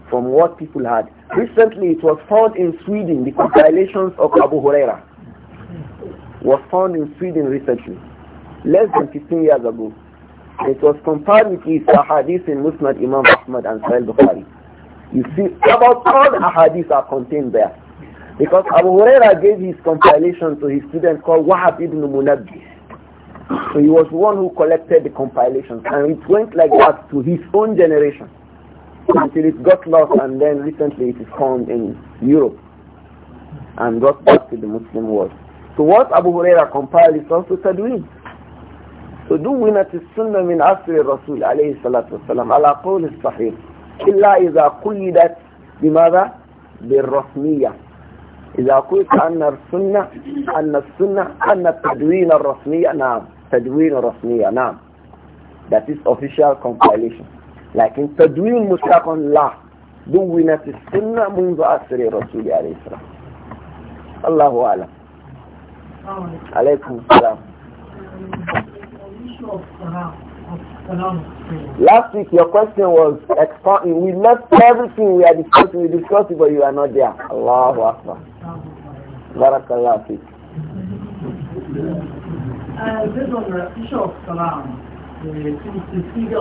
from what people had. Recently, it was found in Sweden, the compilations of Abu Huraira was found in Sweden recently, less than 15 years ago. It was compiled with his ahadith in Musnad Imam Ahmad and Sahih Bukhari. You see, about all the ahadith are contained there. Because Abu Huraira gave his compilation to his student called Wahab ibn Munabbih. So he was one who collected the compilations and it went like that to his own generation until it got lost and then recently it is found in Europe and got back to the Muslim world. So what Abu Huraira compiled is also Tadween. So do we not sunnah min asri Rasul alayhi salatu wasalam ala qawl sahih illa idha qulidat bimada بالرسمية إذا قلت أن السنة أن السنة أن التدوين الرسمية نعم تدوين الرسمية نعم that is official compilation لكن تدوين مطلق لا دونت السنة منذ أسر الرسول عليه السلام الله أعلم عليكم السلام Last week your question was expanding. We left everything we are discussing. We discussed it, but you are not there. Allahu Akbar. Eh, one fit. Uh, this of these that what salam is, is, uh, is to get the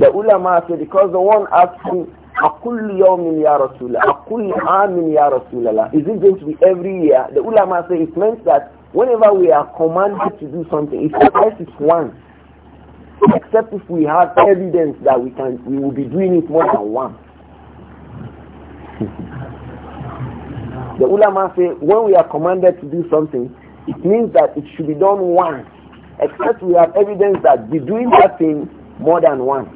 that the ulama said because the one asking أَكُلُّ يَوْمٍ يَا رَسُولَ أَكُلُّ عَامٍ يَا رَسُولَ اللَّهِ Is it going to be every year? The ulama say it means that whenever we are commanded to do something, it's twice it once. Except if we have evidence that we can, we will be doing it more than once. the ulama say when we are commanded to do something, it means that it should be done once. Except we have evidence that we doing that thing more than once.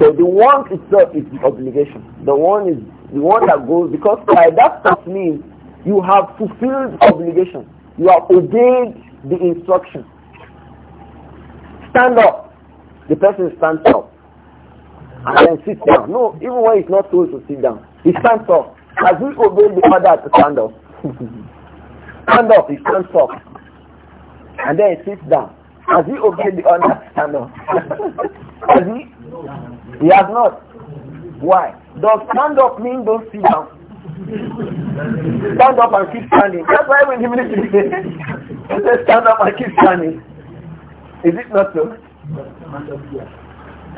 So the want itself is the obligation. The one is the one that goes because by that means you have fulfilled obligation. You have obeyed the instruction. Stand up. The person stands up. And then sits down. No, even when he's not told to sit down, he stands up. Has he obeyed the order to stand up? stand up, he stands up. And then he sits down. Has he obeyed the order to stand up? Has he? He has not. Why? Does stand up mean don't sit down? Stand up and keep standing. That's why when the minister says stand up and keep standing. Is it not so?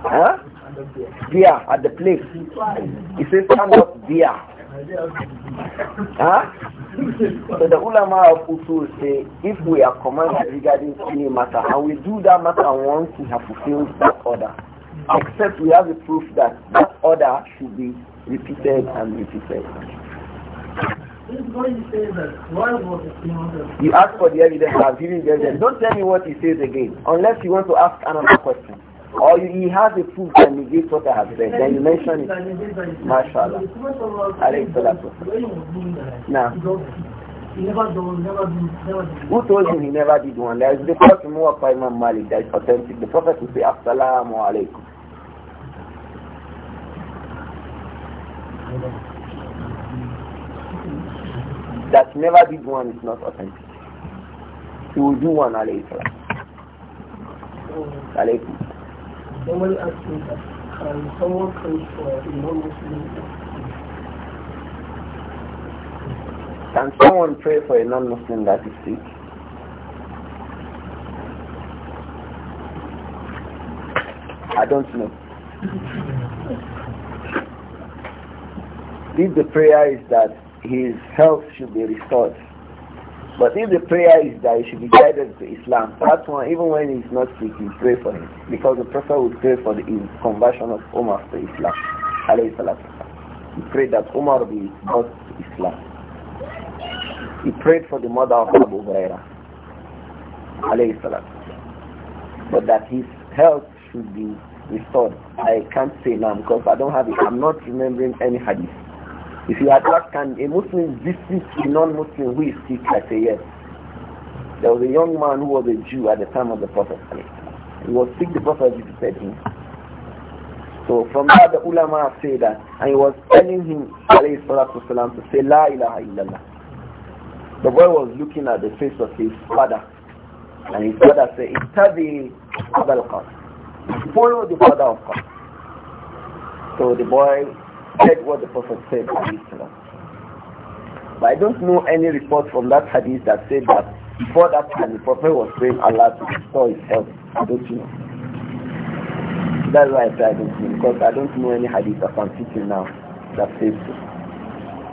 Huh? There at the place. He says stand up there. Huh? So the ulama of Usul say if we are commanded regarding any matter and we do that matter once we have fulfilled that order, except we have a proof that that order should be repeated and repeated. You ask for the evidence, I've given the evidence. Don't tell me what he says again, unless you want to ask another question. Or you, he has a proof and he gives what I have said. Then you mention it. MashaAllah. Now. He never never never Who told him he never did one? There is the Prophet Muwakkah Imam Malik that is authentic. The Prophet will say, Assalamu alaikum. That never did one is not authentic. He will do one alayhi salam. Alayhi. Somebody asked me that um, someone comes for a non-Muslim. Can someone pray for a non-Muslim that is sick? I don't know. If the prayer is that his health should be restored, but if the prayer is that he should be guided to Islam, that one, even when he's not sick, you pray for him. Because the Prophet would pray for the conversion of Umar to Islam. He prayed that Umar be brought to Islam. He prayed for the mother of Abu Huraira. But that his health should be restored. I can't say now because I don't have it. I'm not remembering any hadith. If you had asked, can a Muslim visit a non-Muslim who is sick? I say yes. There was a young man who was a Jew at the time of the Prophet. He was sick, the Prophet visited him. So from that the ulama say that and he was telling him alayhi salatu wasalam to say La ilaha illallah. The boy was looking at the face of his father and his father said, Ittabi Abel Qasim. Follow the father of God." So the boy said what the Prophet said. But I don't know any report from that hadith that said that before that time the Prophet was praying Allah to restore his health. I don't know. That's why I I don't know because I don't know any hadith that I'm teaching now that says so.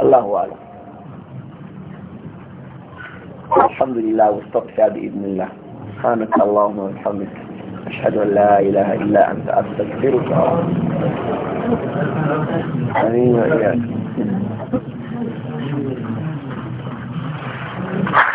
Allahu Allah. الحمد لله واستغفر بإذن الله سبحانك اللهم وبحمدك أشهد أن لا إله إلا أنت أستغفرك آمين وإياك